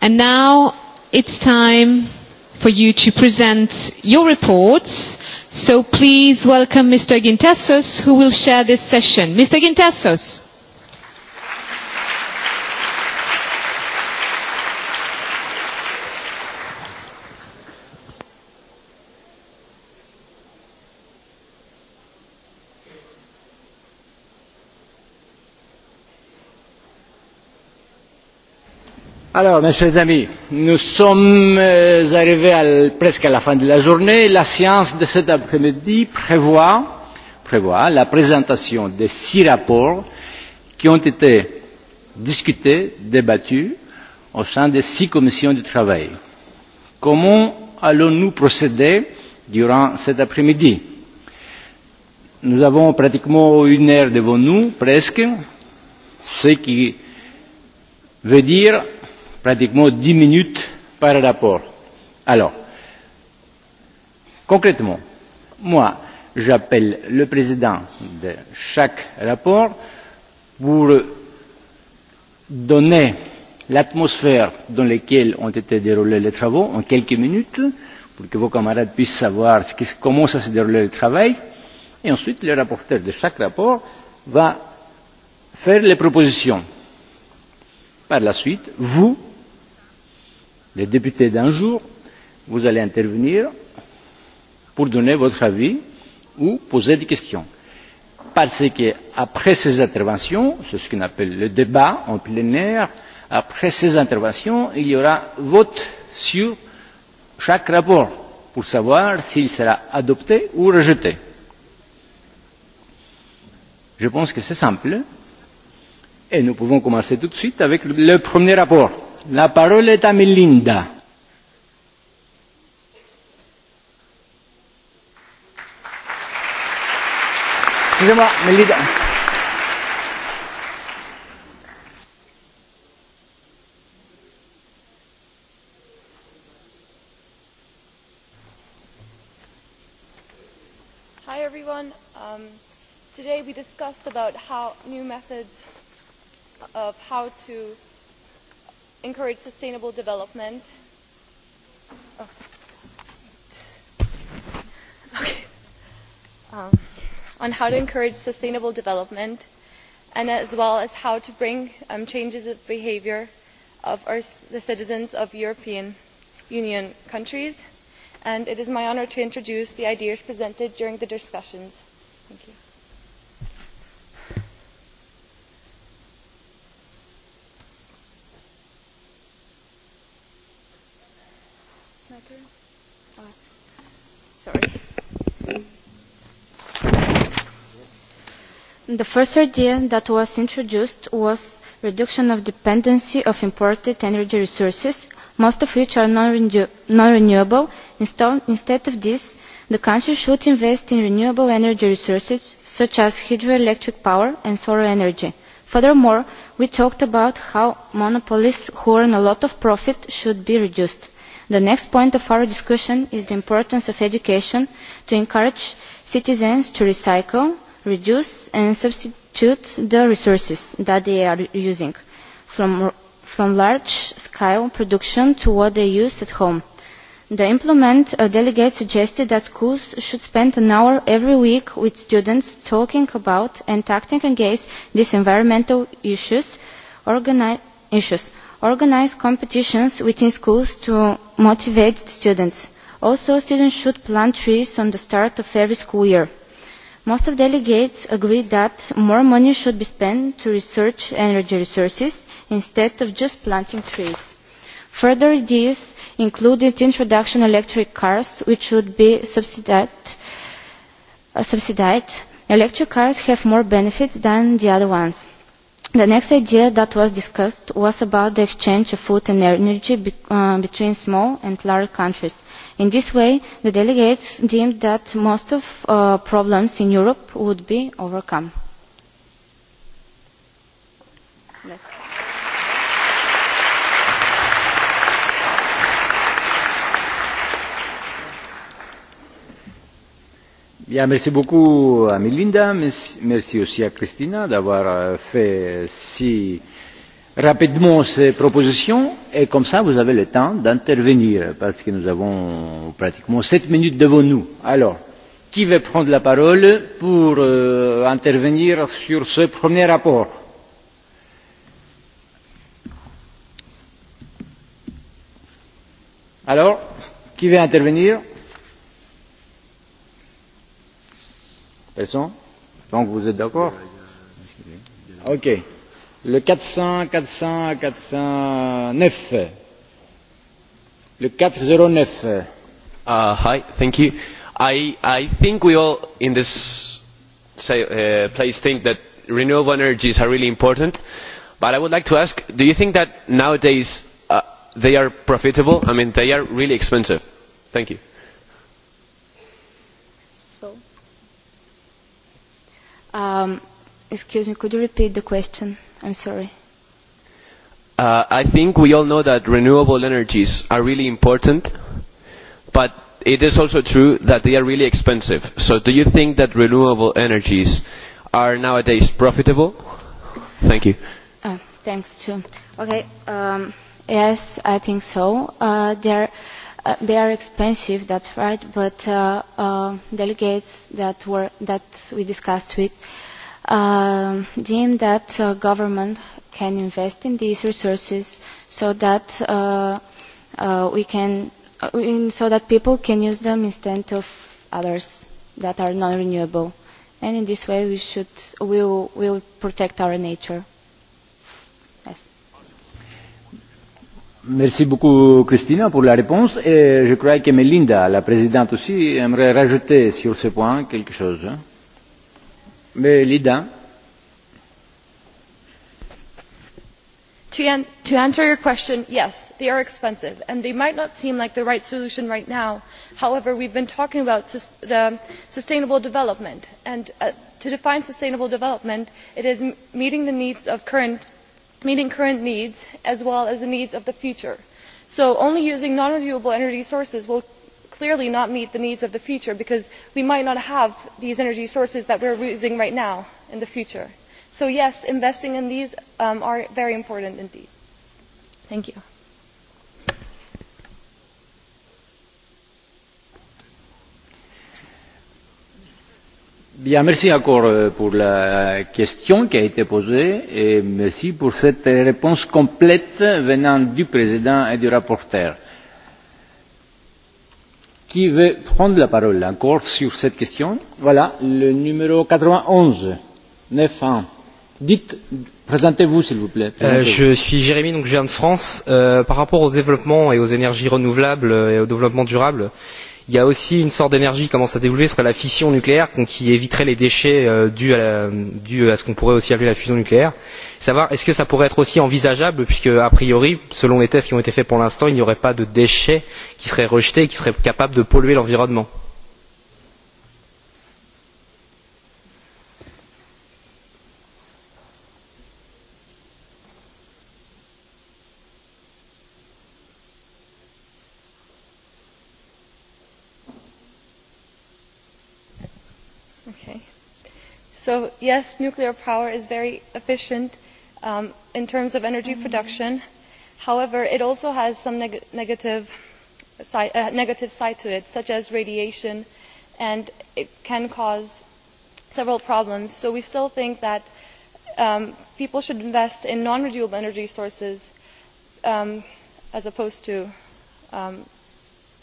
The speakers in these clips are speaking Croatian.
And now it's time for you to present your reports. So please welcome Mr. Gintessos who will share this session. Mr. Gintessos. Alors, mes chers amis, nous sommes euh, arrivés presque à la fin de la journée. La science de cet après-midi prévoit, prévoit la présentation de six rapports qui ont été discutés, débattus au sein des six commissions de travail. Comment allons-nous procéder durant cet après-midi Nous avons pratiquement une heure devant nous, presque, ce qui veut dire pratiquement dix minutes par rapport. Alors, concrètement, moi, j'appelle le président de chaque rapport pour donner l'atmosphère dans laquelle ont été déroulés les travaux en quelques minutes pour que vos camarades puissent savoir comment ça se déroulé le travail et ensuite le rapporteur de chaque rapport va faire les propositions. Par la suite, vous, les députés d'un jour, vous allez intervenir pour donner votre avis ou poser des questions. Parce qu'après ces interventions, c'est ce qu'on appelle le débat en plénière, après ces interventions, il y aura vote sur chaque rapport pour savoir s'il sera adopté ou rejeté. Je pense que c'est simple et nous pouvons commencer tout de suite avec le premier rapport. La parole est à Melinda. Excusez-moi, Melinda. Hi everyone. Um, today we discussed about how new methods of how to encourage sustainable development oh. um, on how to encourage sustainable development and as well as how to bring um, changes of behavior of our, the citizens of European Union countries. And it is my honor to introduce the ideas presented during the discussions. Thank you. the first idea that was introduced was reduction of dependency of imported energy resources most of which are non renewable. instead of this the country should invest in renewable energy resources such as hydroelectric power and solar energy. furthermore we talked about how monopolies who earn a lot of profit should be reduced the next point of our discussion is the importance of education to encourage citizens to recycle reduce and substitute the resources that they are using from, from large scale production to what they use at home. The implement uh, delegate suggested that schools should spend an hour every week with students talking about and acting against these environmental issues, issues organise competitions within schools to motivate students. also students should plant trees at the start of every school year. most of the delegates agreed that more money should be spent to research energy resources instead of just planting trees. further ideas included the introduction of electric cars which should be subsidised. Uh, electric cars have more benefits than the other ones the next idea that was discussed was about the exchange of food and energy be, uh, between small and large countries. in this way the delegates deemed that most of uh, problems in europe would be overcome. merci beaucoup à Melinda, merci aussi à Christina d'avoir euh, fait si rapidement ces propositions et comme ça vous avez le temps d'intervenir parce que nous avons pratiquement sept minutes devant nous. Alors, qui veut prendre la parole pour euh, intervenir sur ce premier rapport Alors, qui veut intervenir Besson Donc vous êtes d'accord Ok. Le 400, 400, 409. Le 409. Uh, hi, thank you. I, I think we all in this say, uh, place think that renewable energies are really important. But I would like to ask, do you think that nowadays uh, they are profitable? I mean, they are really expensive. Thank you. Um, excuse me, could you repeat the question? I'm sorry. Uh, I think we all know that renewable energies are really important, but it is also true that they are really expensive. So do you think that renewable energies are nowadays profitable? Thank you. Uh, thanks, too. Okay, um, yes, I think so. Uh, there Uh, they are expensive, that's right, but uh, uh delegates that, we discussed with uh, deem that uh, government can invest in these resources so that uh, we can, so that people can use them instead of others that are non-renewable. And in this way, we should, we protect our nature. Yes. Merci beaucoup cristina pour la réponse et je crois que Melinda, la présidente aussi, aimerait rajouter sur ce point quelque chose. Melinda. To, answer your question, yes, they are expensive and they might not seem like the right solution right now. However, we've been talking about sustainable development and uh, to define sustainable development, it is meeting the needs of current meeting current needs as well as the needs of the future. so only using non renewable energy sources will clearly not meet the needs of the future because we might not have these energy sources that we are using right now in the future. so yes investing in these um, are very important indeed. merci encore euh, pour la question qui a été posée et merci pour cette réponse complète venant du président et du rapporteur. Qui veut prendre la parole encore sur cette question Voilà, le numéro 91, neuf un. Dites, présentez-vous s'il vous plaît. Euh, je suis Jérémy, donc je viens de France. Euh, par rapport au développement et aux énergies renouvelables et au développement durable, il y a aussi une sorte d'énergie qui commence à développer ce serait la fission nucléaire qui éviterait les déchets euh, dus à, la, dus à ce qu'on pourrait aussi appeler la fusion nucléaire savoir est ce que ça pourrait être aussi envisageable puisque a priori selon les tests qui ont été faits pour l'instant il n'y aurait pas de déchets qui seraient rejetés et qui seraient capables de polluer l'environnement? yes nuclear power is very efficient um, in terms of energy mm-hmm. production however it also has some negative, side, uh, negative side to it such as radiation and it can cause several problems so we still think that um, people should invest in non renewable energy sources um, as opposed to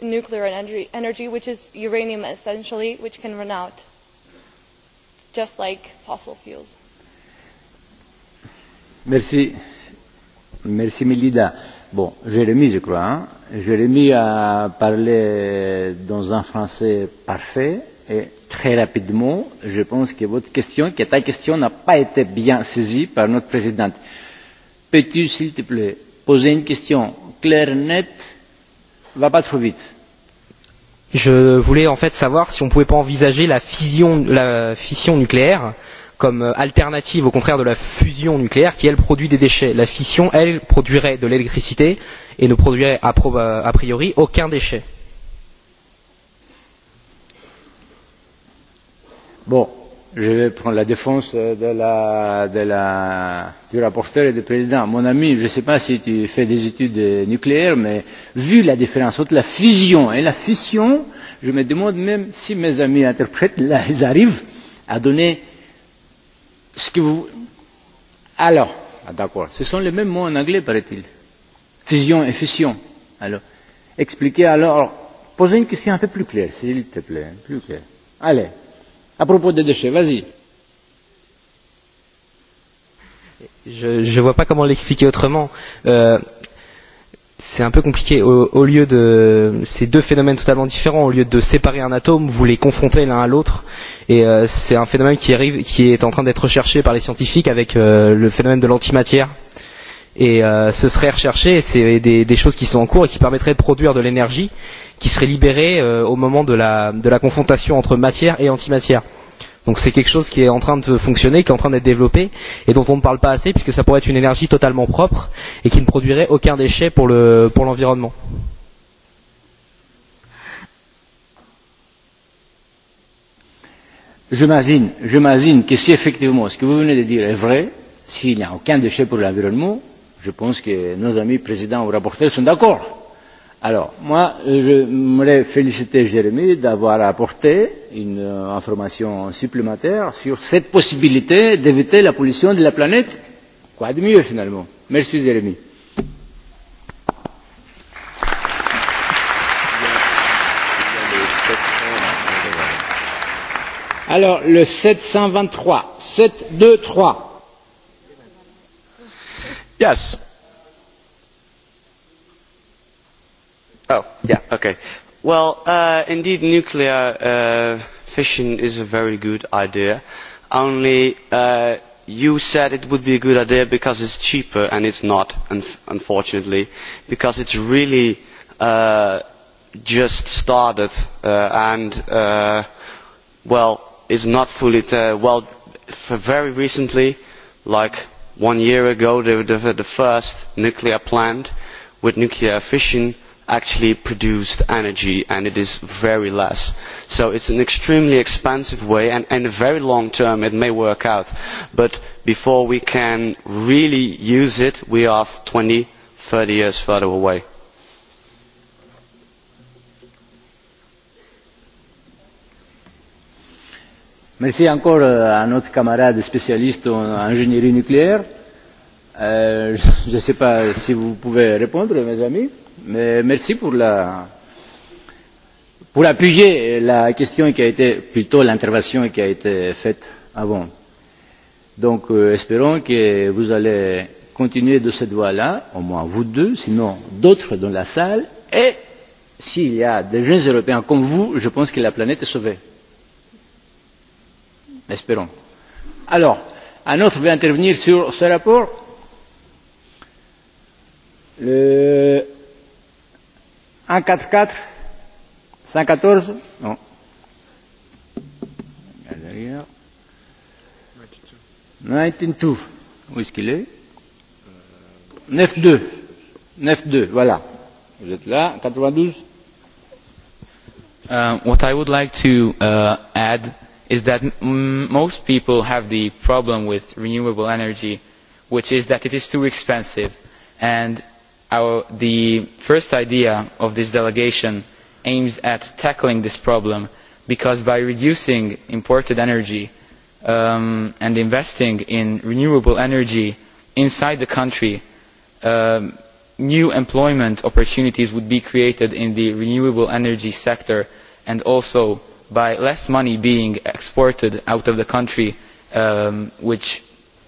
nuclear energy which is uranium essentially which can run out just like fossil fuels. Merci. Merci Melida. Bon, Jérémy, je crois. Hein? Jérémy a parlé dans un français parfait et très rapidement. Je pense que votre question, que ta question n'a pas été bien saisie par notre présidente. Peux-tu, s'il te plaît, poser une question claire, nette, va pas trop vite je voulais en fait savoir si on ne pouvait pas envisager la fission, la fission nucléaire comme euh, alternative au contraire de la fusion nucléaire qui elle produit des déchets. La fission elle produirait de l'électricité et ne produirait a, euh, a priori aucun déchet. Bon, je vais prendre la défense euh, de la, de la, du rapporteur et du président. Mon ami, je ne sais pas si tu fais des études euh, nucléaires, mais vu la différence entre la fusion et la fission, je me demande même si mes amis interprètes, là, ils arrivent à donner ce que vous... Alors, ah, d'accord, ce sont les mêmes mots en anglais, paraît-il. Fusion et fission. Alors, expliquez alors, posez une question un peu plus claire, s'il te plaît, plus claire. Allez, à propos des déchets. Vas-y. Je ne vois pas comment l'expliquer autrement. Euh, c'est un peu compliqué. Au, au lieu de ces deux phénomènes totalement différents, au lieu de séparer un atome, vous les confrontez l'un à l'autre. Et euh, c'est un phénomène qui, arrive, qui est en train d'être recherché par les scientifiques avec euh, le phénomène de l'antimatière. Euh, et euh, ce serait recherché c'est des, des choses qui sont en cours et qui permettraient de produire de l'énergie qui serait libérée euh, au moment de la, de la confrontation entre matière et antimatière. Donc c'est quelque chose qui est en train de fonctionner, qui est en train d'être développé et dont on ne parle pas assez puisque ça pourrait être une énergie totalement propre et qui ne produirait aucun déchet pour l'environnement. Le, pour J'imagine que si effectivement ce que vous venez de dire est vrai, s'il n'y a aucun déchet pour l'environnement, je pense que nos amis présidents ou rapporteurs sont d'accord. Alors, moi, je voudrais féliciter Jérémy d'avoir apporté une euh, information supplémentaire sur cette possibilité d'éviter la pollution de la planète. Quoi de mieux, finalement Merci, Jérémy. Alors, le 723, 723. Yes. Oh, yeah, okay. Well, uh, indeed, nuclear uh, fission is a very good idea. Only uh, you said it would be a good idea because it's cheaper, and it's not, un unfortunately, because it's really uh, just started uh, and, uh, well, it's not fully, uh, well, for very recently, like one year ago the, the first nuclear plant with nuclear fission actually produced energy and it is very less. So it's an extremely expensive way and in the very long term it may work out. But before we can really use it we are 20, 30 years further away. Merci encore euh, à notre camarade spécialiste en ingénierie nucléaire. Euh, je ne sais pas si vous pouvez répondre, mes amis, mais merci pour la pour appuyer la question qui a été plutôt l'intervention qui a été faite avant. Donc euh, espérons que vous allez continuer de cette voie là, au moins vous deux, sinon d'autres dans la salle, et s'il y a des jeunes Européens comme vous, je pense que la planète est sauvée espérons. Alors, un autre veut intervenir sur ce rapport Le 144 114 Non. Derrière. 92. Où est-ce qu'il est 92. Euh, 92, voilà. Vous êtes là, 92 Uh, um, What I would like to uh, add is that most people have the problem with renewable energy which is that it is too expensive and the first idea of this delegation aims at tackling this problem because by reducing imported energy um, and investing in renewable energy inside the country um, new employment opportunities would be created in the renewable energy sector and also by less money being exported out of the country um, which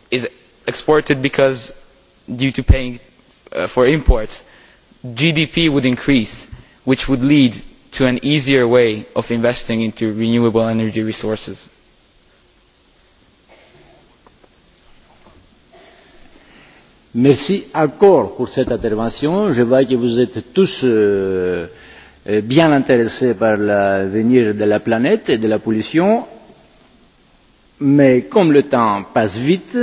is exported because due to paying uh, for imports gdp would increase which would lead to an easier way of investing into renewable energy resources. merci encore pour cette intervention. je vois que vous êtes tous euh, Euh, bien intéressés par l'avenir de la planète et de la pollution mais comme le temps passe vite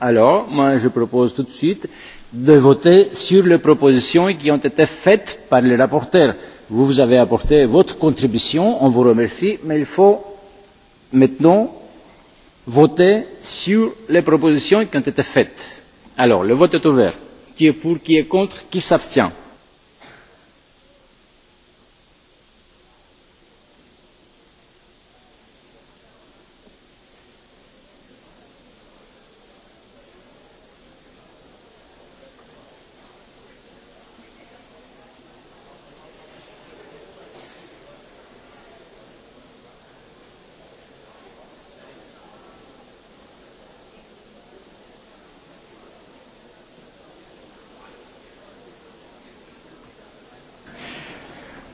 alors moi je propose tout de suite de voter sur les propositions qui ont été faites par les rapporteurs. vous avez apporté votre contribution on vous remercie mais il faut maintenant voter sur les propositions qui ont été faites. alors le vote est ouvert. qui est pour qui est contre qui s'abstient?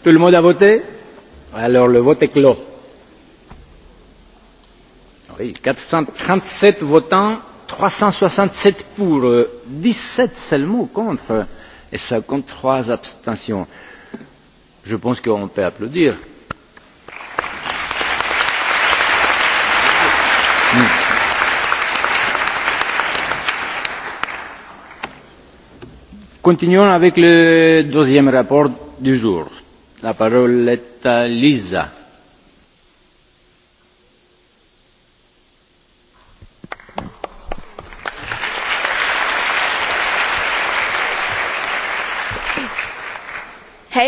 Tout le monde a voté Alors le vote est clos. Oui, 437 votants, 367 pour, 17 seulement contre et trois abstentions. Je pense qu'on peut applaudir. Hmm. Continuons avec le deuxième rapport du jour La Hey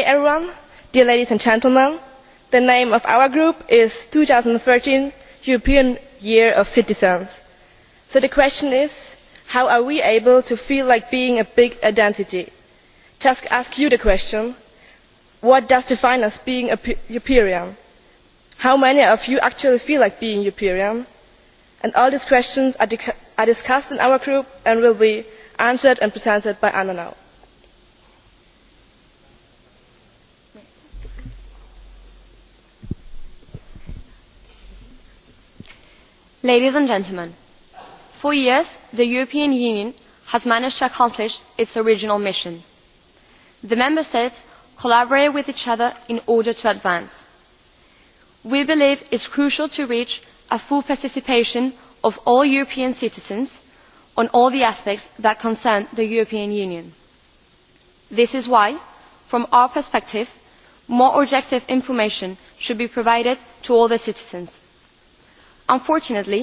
everyone, dear ladies and gentlemen, the name of our group is 2013 European Year of Citizens. So the question is, how are we able to feel like being a big identity? Just ask you the question what does define us being a european? how many of you actually feel like being european? And all these questions are discussed in our group and will be answered and presented by anna now. ladies and gentlemen for years the european union has managed to accomplish its original mission. the member states collaborate with each other in order to advance. we believe it is crucial to reach a full participation of all european citizens on all the aspects that concern the european union. this is why from our perspective more objective information should be provided to all the citizens. unfortunately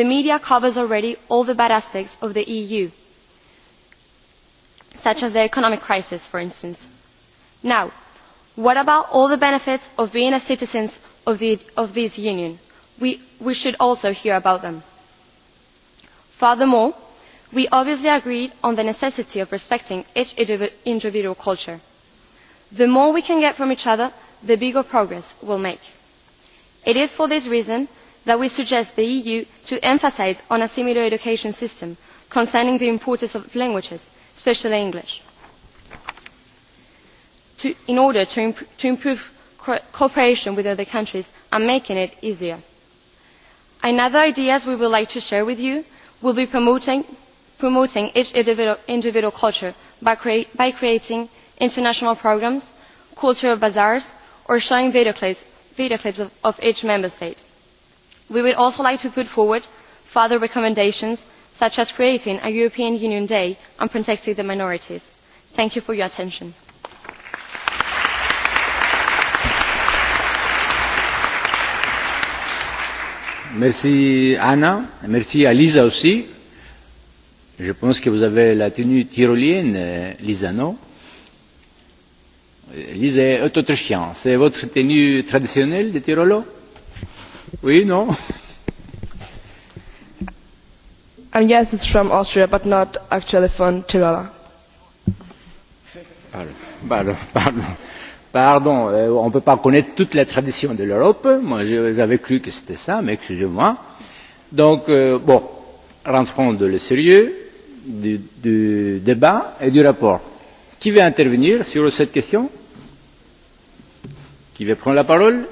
the media covers already all the bad aspects of the eu such as the economic crisis for instance now what about all the benefits of being a citizen of, this union? We, we should also hear about them. furthermore we obviously agreed on the necessity of respecting each individual culture. the more we can get from each other the bigger progress we will make. it is for this reason that we suggest the eu to emphasise on a similar education system concerning the importance of languages especially english in order to, improve cooperation with other countries and making it easier. another idea we would like to share with you will be promoting, each individual, culture by, creating international programmes cultural bazaars or showing video clips, of, each member state. we would also like to put forward further recommendations such as creating a european union day on protecting the minorities. thank you for your attention. Merci Anna, merci à Lisa aussi. Je pense que vous avez la tenue tyrolienne, Lisa, non Lisa est autrichienne. C'est votre tenue traditionnelle de Tirolo Oui, non And um, yes, it's from Austria, but not actually from Tirola. Pardon, pardon, pardon. Pardon, euh, on ne peut pas connaître toute la tradition de l'Europe. Moi, j'avais cru que c'était ça, mais excusez-moi. Donc, euh, bon, rentrons dans le sérieux du, du débat et du rapport. Qui veut intervenir sur cette question Qui veut prendre la parole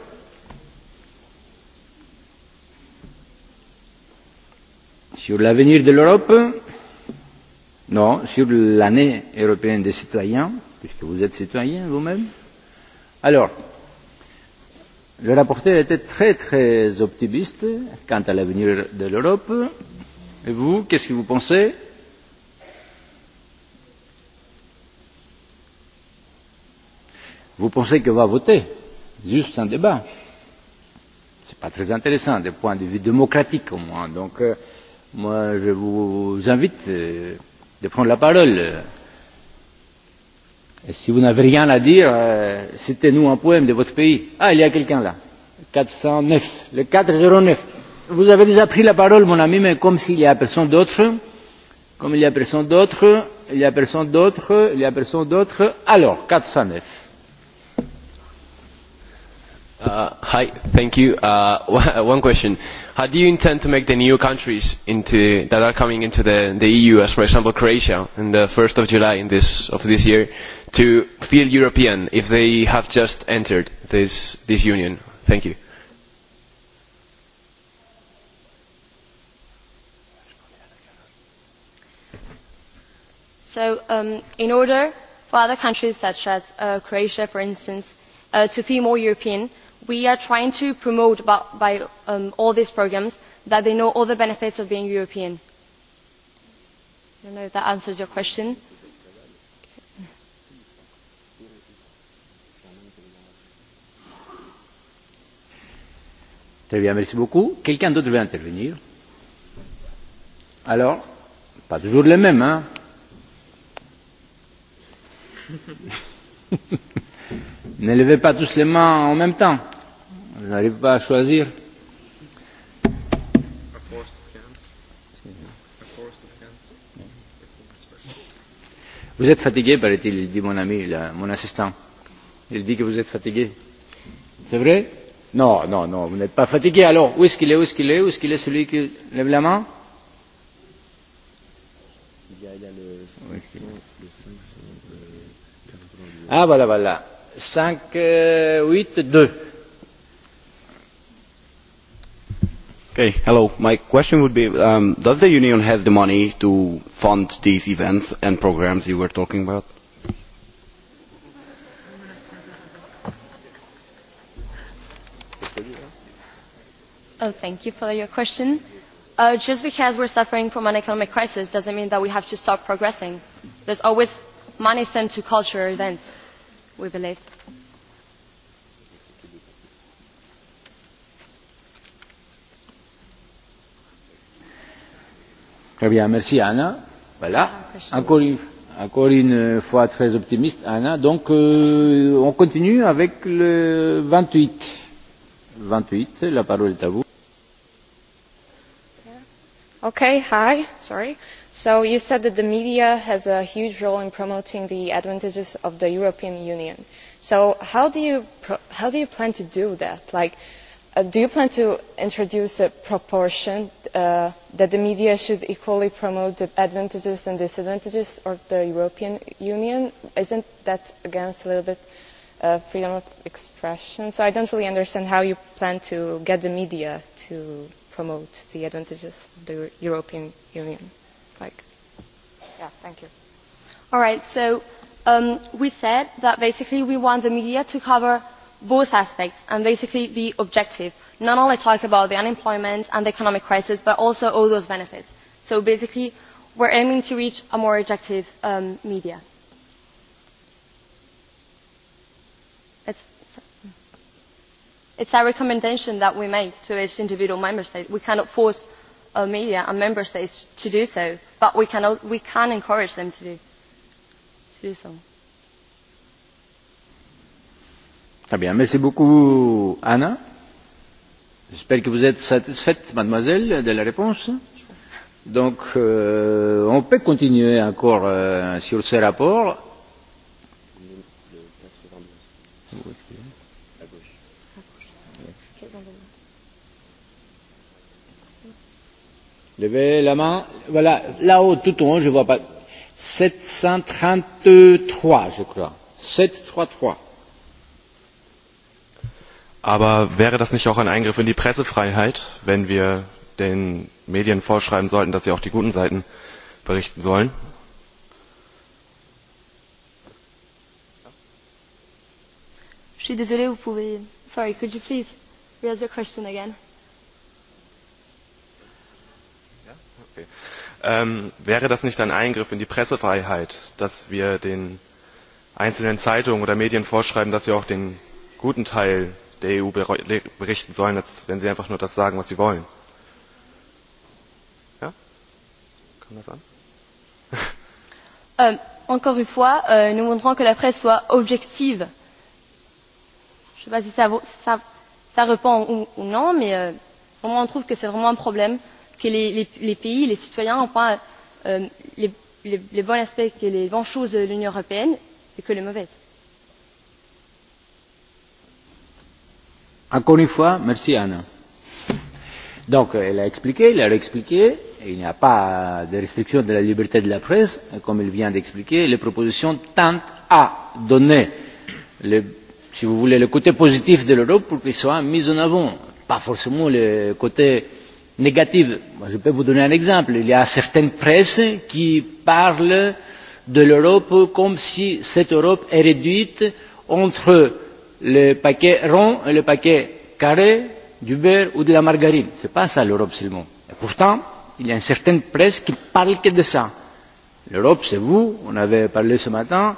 Sur l'avenir de l'Europe Non, sur l'année européenne des citoyens, puisque vous êtes citoyen vous-même Alors, le rapporteur était très très optimiste quant à l'avenir de l'Europe. Et vous, qu'est-ce que vous pensez Vous pensez qu'on va voter Juste un débat. Ce n'est pas très intéressant, du point de vue démocratique au moins. Donc, euh, moi, je vous invite euh, de prendre la parole euh, si vous n'avez rien à dire, euh, citez nous un poème de votre pays. Ah, il y a quelqu'un là. 409, le 409. Vous avez déjà pris la parole, mon ami, mais comme s'il y a personne d'autre, comme il y a personne d'autre, il y a personne d'autre, il y a personne d'autre, alors 409. Uh, hi, thank you. Uh, one question. How do you intend to make the new countries into, that are coming into the, the EU, as for example Croatia, on the 1st of July in this, of this year, to feel European if they have just entered this, this union? Thank you. So um, in order for other countries such as uh, Croatia, for instance, uh, to feel more European, we are trying to promote by um, all these programmes that they know all the benefits of being European. I know if that answers your question. Très bien, merci beaucoup. Quelqu'un d'autre veut intervenir Alors, pas toujours le même. hein Ne levez pas tous les mains en même temps. Je n'arrive pas à choisir. Vous êtes fatigué, paraît-il, dit mon ami, là, mon assistant. Il dit que vous êtes fatigué. C'est vrai Non, non, non, vous n'êtes pas fatigué. Alors, où est-ce qu'il est, où est-ce qu'il est, où est-ce qu'il est celui qui lève la main Il y a, il y a le 500, le 500, euh, Ah, voilà, voilà. Okay, hello. My question would be, um, does the union have the money to fund these events and programs you were talking about? Oh, thank you for your question. Uh, just because we are suffering from an economic crisis doesn't mean that we have to stop progressing. There's always money sent to cultural events we believe. Très bien, merci Anna. Voilà, encore une, encore une fois très optimiste Anna. Donc euh, on continue avec le 28. 28, la parole est à vous. OK, hi, sorry so you said that the media has a huge role in promoting the advantages of the european union so how do you, how do you plan to do that? Like, uh, do you plan to introduce a proportion uh, that the media should equally promote the advantages and disadvantages of the european union? isn't that against a little bit uh, freedom of expression? so i don't really understand how you plan to get the media to promote the advantages of the european union like yes thank you all right so um, we said that basically we want the media to cover both aspects and basically be objective not only talk about the unemployment and the economic crisis but also all those benefits so basically we're aiming to reach a more objective um, media it's it's a recommendation that we make to each individual member state we cannot force Uh, media and member states to do so but we can, we can encourage them to do, to do so. Très bien, merci beaucoup Anna. J'espère que vous êtes satisfaite, mademoiselle, de la réponse. Donc, euh, on peut continuer encore euh, sur ce rapport Levez la main. Voilà, là-haut, tout en haut, je ne vois pas. 733, je crois. 733. Aber wäre das nicht auch ein Eingriff in die Pressefreiheit, wenn wir den Medien vorschreiben sollten, dass sie auch die guten Seiten berichten sollen? Je suis désolée, vous pouvez... Sorry, could you please raise your question again? Ähm, wäre das nicht ein Eingriff in die Pressefreiheit, dass wir den einzelnen Zeitungen oder Medien vorschreiben, dass sie auch den guten Teil der EU berichten sollen, als wenn sie einfach nur das sagen, was sie wollen? Ja? Kann das an? Euh, encore une fois, euh, nous voudrons que la presse soit objective. Je ne sais pas si ça, ça, ça répond ou, ou non, mais euh, on trouve que c'est vraiment un problème que les, les, pays les citoyens n'ont pas euh, les, les bons aspects et les bonnes choses de l'union européenne et que les mauvaises. encore une fois merci anna. donc elle a expliqué il a réexpliqué il n'y a pas de restriction de la liberté de la presse comme il vient d'expliquer les propositions tentent à donner le, si vous voulez le côté positif de l'europe pour qu'il soit mis en avant pas forcément le côté Moi je peux vous donner un exemple il y a certaines presses qui parlent de l'europe comme si cette europe est réduite entre le paquet rond et le paquet carré du beurre ou de la margarine. ce n'est pas ça l'europe seulement. pourtant il y a une certaine presse qui ne parle que de ça. l'europe c'est vous on avait parlé ce matin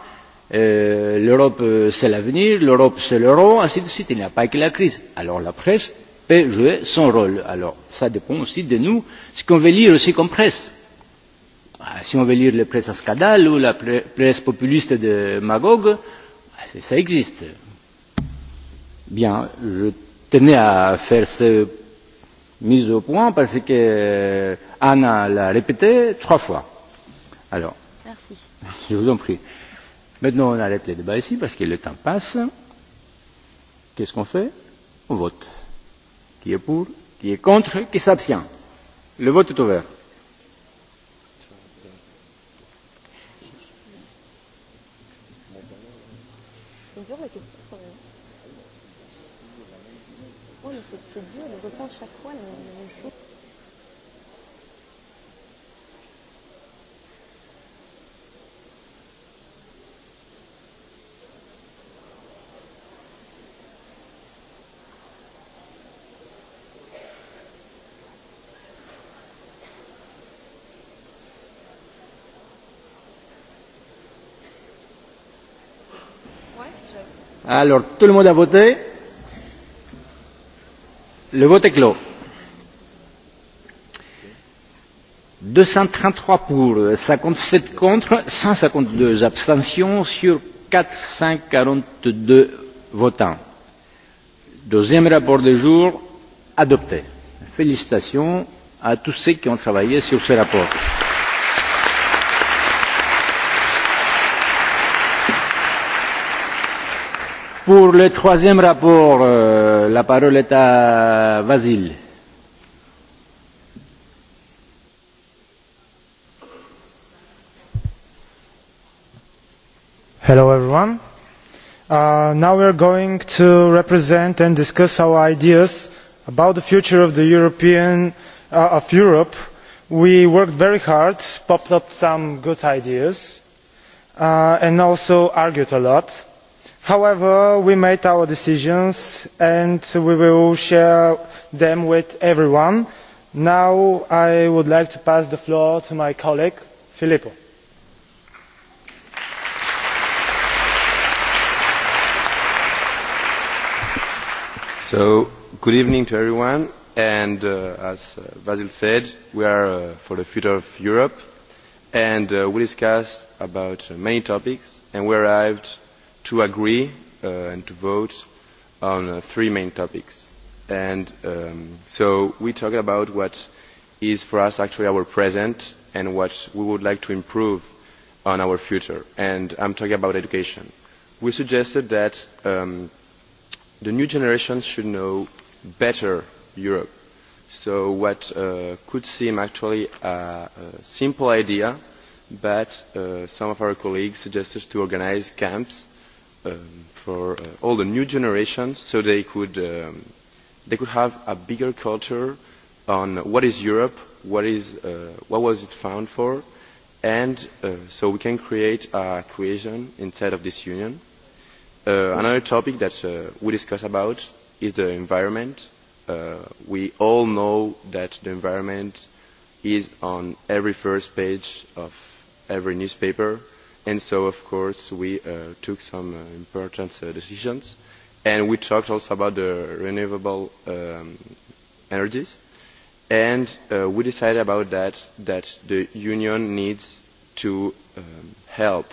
euh, l'europe euh, c'est l'avenir l'europe c'est l'euro ainsi de suite. il n'y a pas que la crise. alors la presse peut jouer son rôle. Alors, ça dépend aussi de nous, ce qu'on veut lire aussi comme presse. Ah, si on veut lire la presse à scandale ou la presse populiste de Magog, ah, ça existe. Bien, je tenais à faire ce mise au point parce que euh, Anna l'a répété trois fois. Alors, Merci. je vous en prie. Maintenant, on arrête les débats ici parce que le temps passe. Qu'est-ce qu'on fait On vote qui est pour, qui est contre, qui s'abstient. Le vote est ouvert. C'est dur la question quand Oui, oh, mais c'est dur de reprend chaque fois le même Alors, tout le monde a voté Le vote est clos. 233 pour, 57 contre, 152 abstentions sur deux votants. Deuxième rapport du jour adopté. Félicitations à tous ceux qui ont travaillé sur ce rapport. Pour le troisième rapport, euh, la parole est à Vasil. Hello everyone. Uh, now we are going to represent and discuss our ideas about the future of the European uh, of Europe. We worked very hard, popped up some good ideas, uh, and also argued a lot however we made our decisions and we will share them with everyone. now i would like to pass the floor to my colleague filippo. good evening to everyone and uh, as uh, basil said we are uh, for the future of europe and uh, we discussed about many topics and we arrived to agree uh, and to vote on uh, three main topics. And um, so we talk about what is for us actually our present and what we would like to improve on our future. And I'm talking about education. We suggested that um, the new generation should know better Europe. So what uh, could seem actually a, simple idea, but some of our colleagues suggested to organize camps Um, for uh, all the new generations so they could, um, they could have a bigger culture on what is Europe, what, is, uh, what was it found for, and uh, so we can create a cohesion inside of this union. Uh, another topic that uh, we discuss about is the environment. Uh, we all know that the environment is on every first page of every newspaper and so of course we uh, took some uh, important uh, decisions and we talked also about the renewable um, energies and uh, we decided about that that the union needs to um, help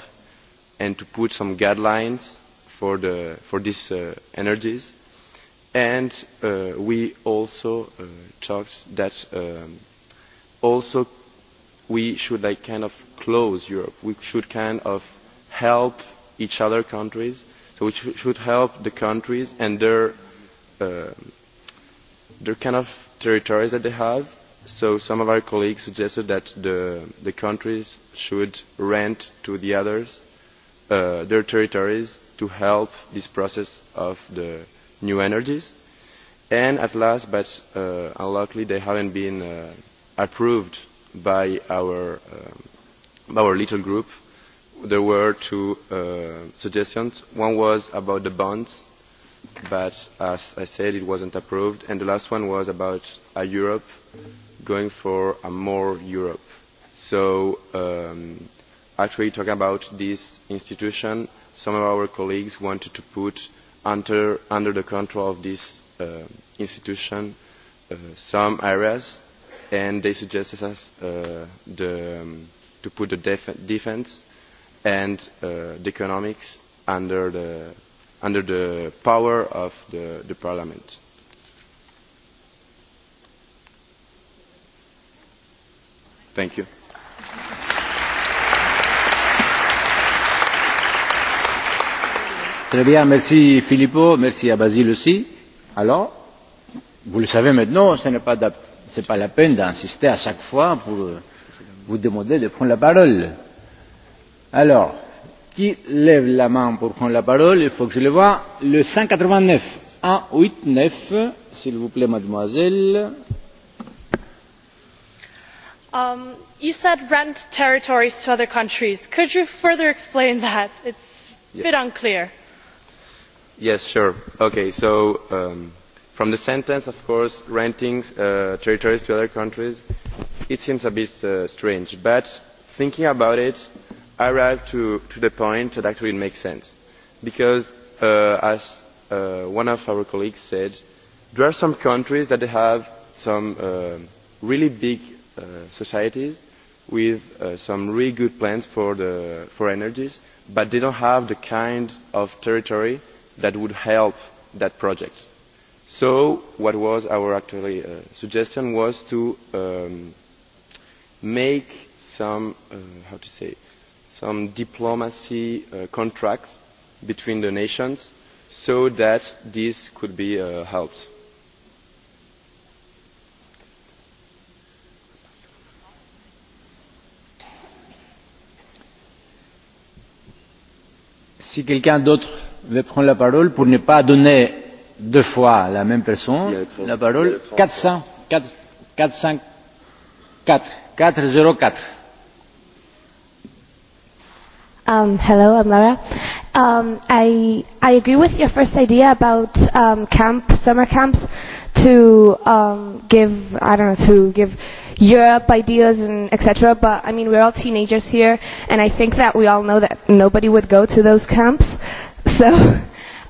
and to put some guidelines for the for these uh, energies and uh, we also talked that um, also we should like kind of close Europe. We should kind of help each other countries. So we should help the countries and their uh, their kind of territories that they have. So some of our colleagues suggested that the the countries should rent to the others uh, their territories to help this process of the new energies. And at last, but uh, unluckily, they haven't been uh, approved by our, um, our little group. There were two uh, suggestions. One was about the bonds, but as I said, it wasn't approved. And the last one was about a uh, Europe going for a more Europe. So um, actually talking about this institution, some of our colleagues wanted to put under, under the control of this uh, institution uh, some areas and they suggested us uh, the, um, to put the def defense and uh, the economics under the, under the power of the, the parliament. Thank you. Très bien, merci Philippot, merci à Basile aussi. Alors, vous le savez maintenant, ce n'est pas adapté ce n'est pas la peine d'insister à chaque fois pour euh, vous demander de prendre la parole. Alors, qui lève la main pour prendre la parole Il faut que je le voie. Le 189. 189, s'il vous plaît, mademoiselle. Um, you said rent territories to other countries. Could you further explain that? It's a yeah. bit unclear. Yes, sure. Okay, so um, from the sentence of course renting uh, territories to other countries it seems a bit uh, strange but thinking about it i arrived to, the point that actually it makes sense because uh, as one of our colleagues said there are some countries that have some really big societies with some really good plans for, the, for energies but they don't have the kind of territory that would help that project so what was our actually uh, suggestion was to um, make some uh, how to say some diplomacy uh, contracts between the nations so that this could be uh, helped si quelqu'un d'autre veut prendre la parole pour ne pas donner deux fois la même personne la parole quatre Um, hello, I'm Lara. Um, I, I agree with your first idea about um, camp, summer camps, to um, give, I don't know, to give Europe ideas and etc. But I mean, we're all teenagers here, and I think that we all know that nobody would go to those camps. So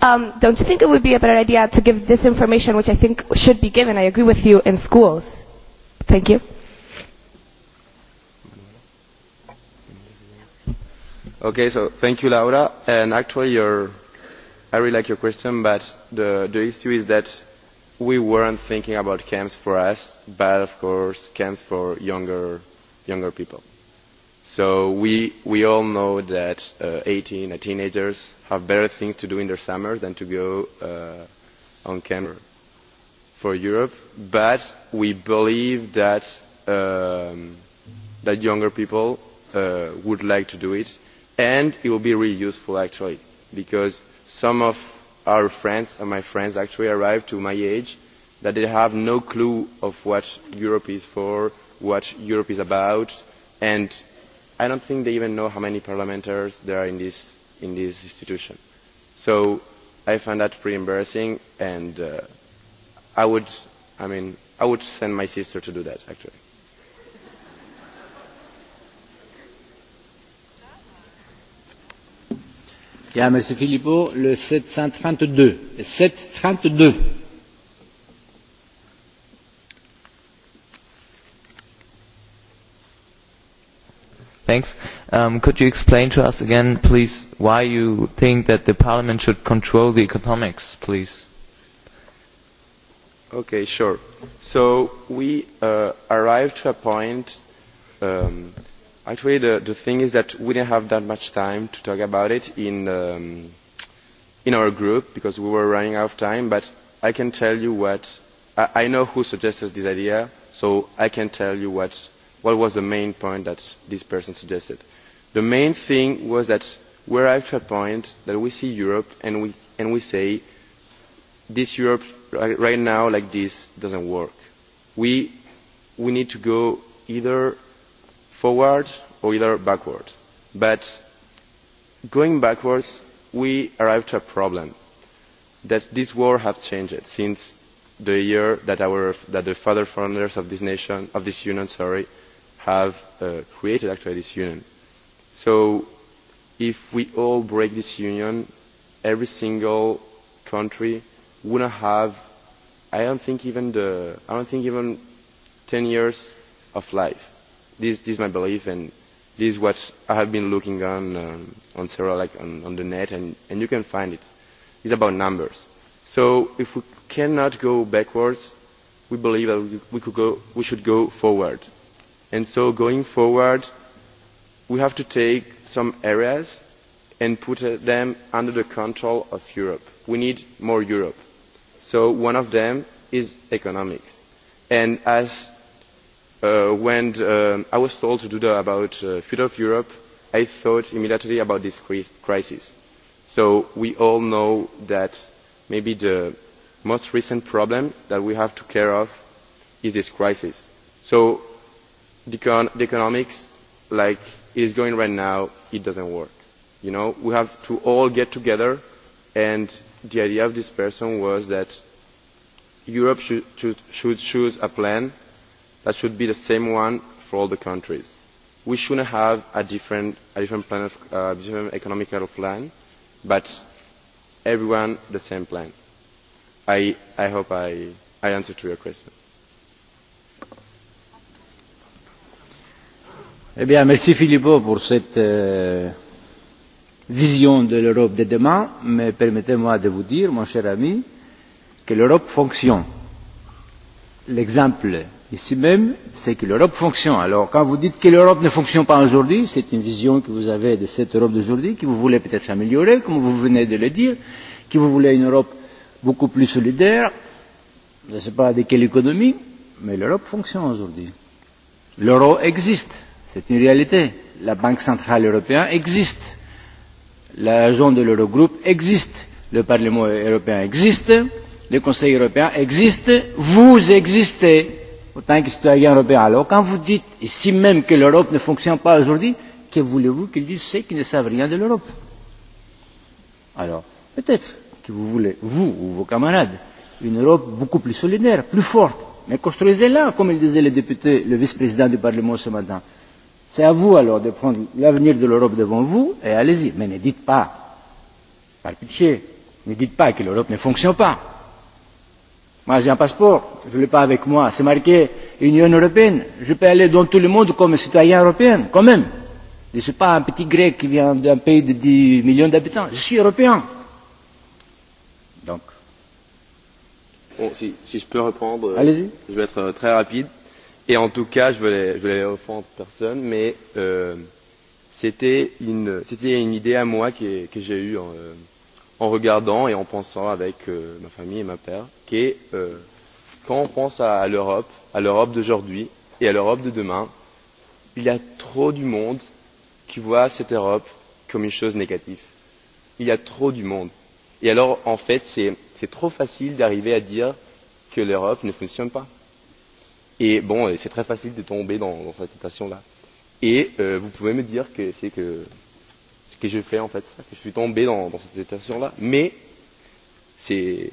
um, don't you think it would be a better idea to give this information, which I think should be given, I agree with you, in schools? Thank you. Okay, so thank you, Laura. And actually, your, I really like your question, but the, the issue is that we weren't thinking about camps for us, but of course, camps for younger, younger people So we, we all know that uh, 18 uh, teenagers have better things to do in their summer than to go uh, on camera for Europe, but we believe that, um, that younger people uh, would like to do it, and it will be really useful actually, because some of our friends and my friends actually arrived to my age that they have no clue of what Europe is for, what Europe is about, and i don't think they even know how many parliamentarians there are in this in this institution so i find that pretty embarrassing and uh, i would i mean i would send my sister to do that actually Philippot, le 732. Le 732. Thanks. Um, could you explain to us again, please, why you think that the Parliament should control the economics, please? Okay, sure. So we uh, arrived to a point. Um, actually, the, the thing is that we didn't have that much time to talk about it in um, in our group because we were running out of time. But I can tell you what I, I know who suggested this idea, so I can tell you what what was the main point that this person suggested? The main thing was that we arrived at a point that we see Europe and we, and we say this Europe right now like this doesn't work. We, we need to go either forward or either backward. But going backwards, we arrived at a problem that this war has changed since the year that, our, that the father founders of this nation, of this union, sorry, have uh, created actually this union. So if we all break this union, every single country would have, I don't think even the, I don't think even 10 years of life. This, this is my belief and this is what I have been looking on, um, on several, like on, on the net and, and you can find it. It's about numbers. So if we cannot go backwards, we believe that we, we, could go, we should go forward and so going forward we have to take some areas and put uh, them under the control of Europe. We need more Europe. So one of them is economics. And as uh, when uh, I was told to do that about uh, future of Europe, I thought immediately about this crisis. So we all know that maybe the most recent problem that we have to care of is this crisis. So the economics like it is going right now it doesn't work you know we have to all get together and the idea of this person was that Europe should, should, should choose a plan that should be the same one for all the countries. We shouldn't have a different, a different, plan of, uh, different economic plan, but everyone the same plan. I, I hope I, I answered to your question. Eh merci Philippot pour cette euh, vision de l'Europe de demain. Mais permettez-moi de vous dire, mon cher ami, que l'Europe fonctionne. L'exemple ici même, c'est que l'Europe fonctionne. Alors, quand vous dites que l'Europe ne fonctionne pas aujourd'hui, c'est une vision que vous avez de cette Europe d'aujourd'hui, que vous voulez peut-être améliorer, comme vous venez de le dire, que vous voulez une Europe beaucoup plus solidaire, je ne sais pas de quelle économie, mais l'Europe fonctionne aujourd'hui. L'euro existe c'est une réalité. La Banque centrale européenne existe. La zone de l'Eurogroupe existe. Le Parlement européen existe. Le Conseil européen existe. Vous existez tant que citoyen européen. Alors quand vous dites ici même que l'Europe ne fonctionne pas aujourd'hui, que voulez-vous qu'ils disent ceux qui ne savent rien de l'Europe Alors, peut-être que vous voulez, vous ou vos camarades, une Europe beaucoup plus solidaire, plus forte. Mais construisez-la, comme le disait le député, le vice-président du Parlement ce matin. C'est à vous alors de prendre l'avenir de l'Europe devant vous et allez-y. Mais ne dites pas, par pitié, ne dites pas que l'Europe ne fonctionne pas. Moi j'ai un passeport, je ne l'ai pas avec moi, c'est marqué Union Européenne. Je peux aller dans tout le monde comme citoyen européen, quand même. Je ne suis pas un petit grec qui vient d'un pays de 10 millions d'habitants, je suis européen. Donc. Bon, si, si je peux reprendre, euh, je vais être euh, très rapide Et en tout cas, je voulais, je voulais offendre personne, mais euh, c'était une, une idée à moi que, que j'ai eue en, euh, en regardant et en pensant avec euh, ma famille et ma père, que euh, quand on pense à l'Europe, à l'Europe d'aujourd'hui et à l'Europe de demain, il y a trop du monde qui voit cette Europe comme une chose négative. Il y a trop du monde. Et alors, en fait, c'est trop facile d'arriver à dire que l'Europe ne fonctionne pas Et bon, c'est très facile de tomber dans, dans cette tentation-là. Et euh, vous pouvez me dire que c'est que ce que je fais en fait, ça, que je suis tombé dans, dans cette tentation-là. Mais c'est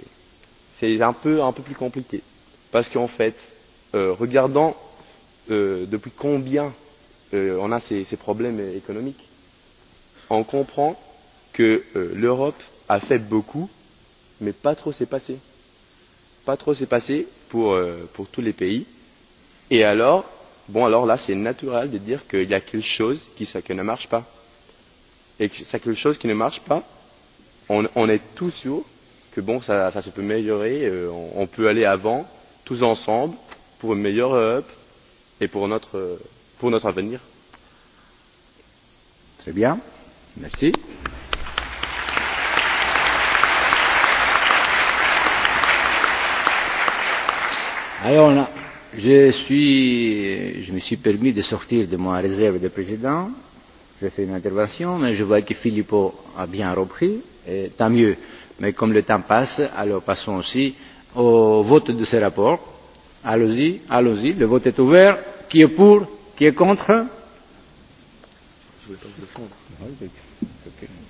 un peu, un peu plus compliqué. Parce qu'en fait, euh, regardant euh, depuis combien euh, on a ces, ces problèmes économiques, on comprend que euh, l'Europe a fait beaucoup, mais pas trop s'est passé. Pas trop s'est passé pour, euh, pour tous les pays Et alors, bon alors là c'est naturel de dire qu'il y a quelque chose qui, ça, que ne marche pas. Et que c'est quelque chose qui ne marche pas, on, on est tous sûrs que bon ça, ça se peut améliorer, euh, on, on peut aller avant, tous ensemble, pour une meilleure Europe et pour notre, euh, pour notre avenir. Très bien, merci. Alors, je, suis, je me suis permis de sortir de ma réserve de président. J'ai fait une intervention, mais je vois que Filippo a bien repris. Et tant mieux. Mais comme le temps passe, alors passons aussi au vote de ce rapport. Allons-y, allons-y. Le vote est ouvert. Qui est pour Qui est contre Je voulais pas vous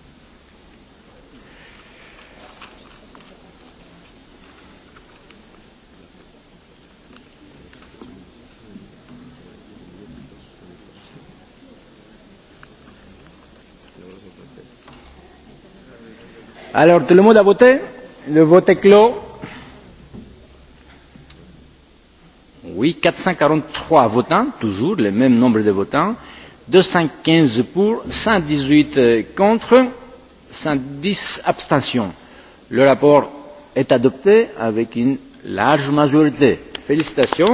Alors, tout le monde a voté Le vote est clos. Oui, 443 votants, toujours le même nombre de votants. 215 pour, 118 contre, 110 abstentions. Le rapport est adopté avec une large majorité. Félicitations.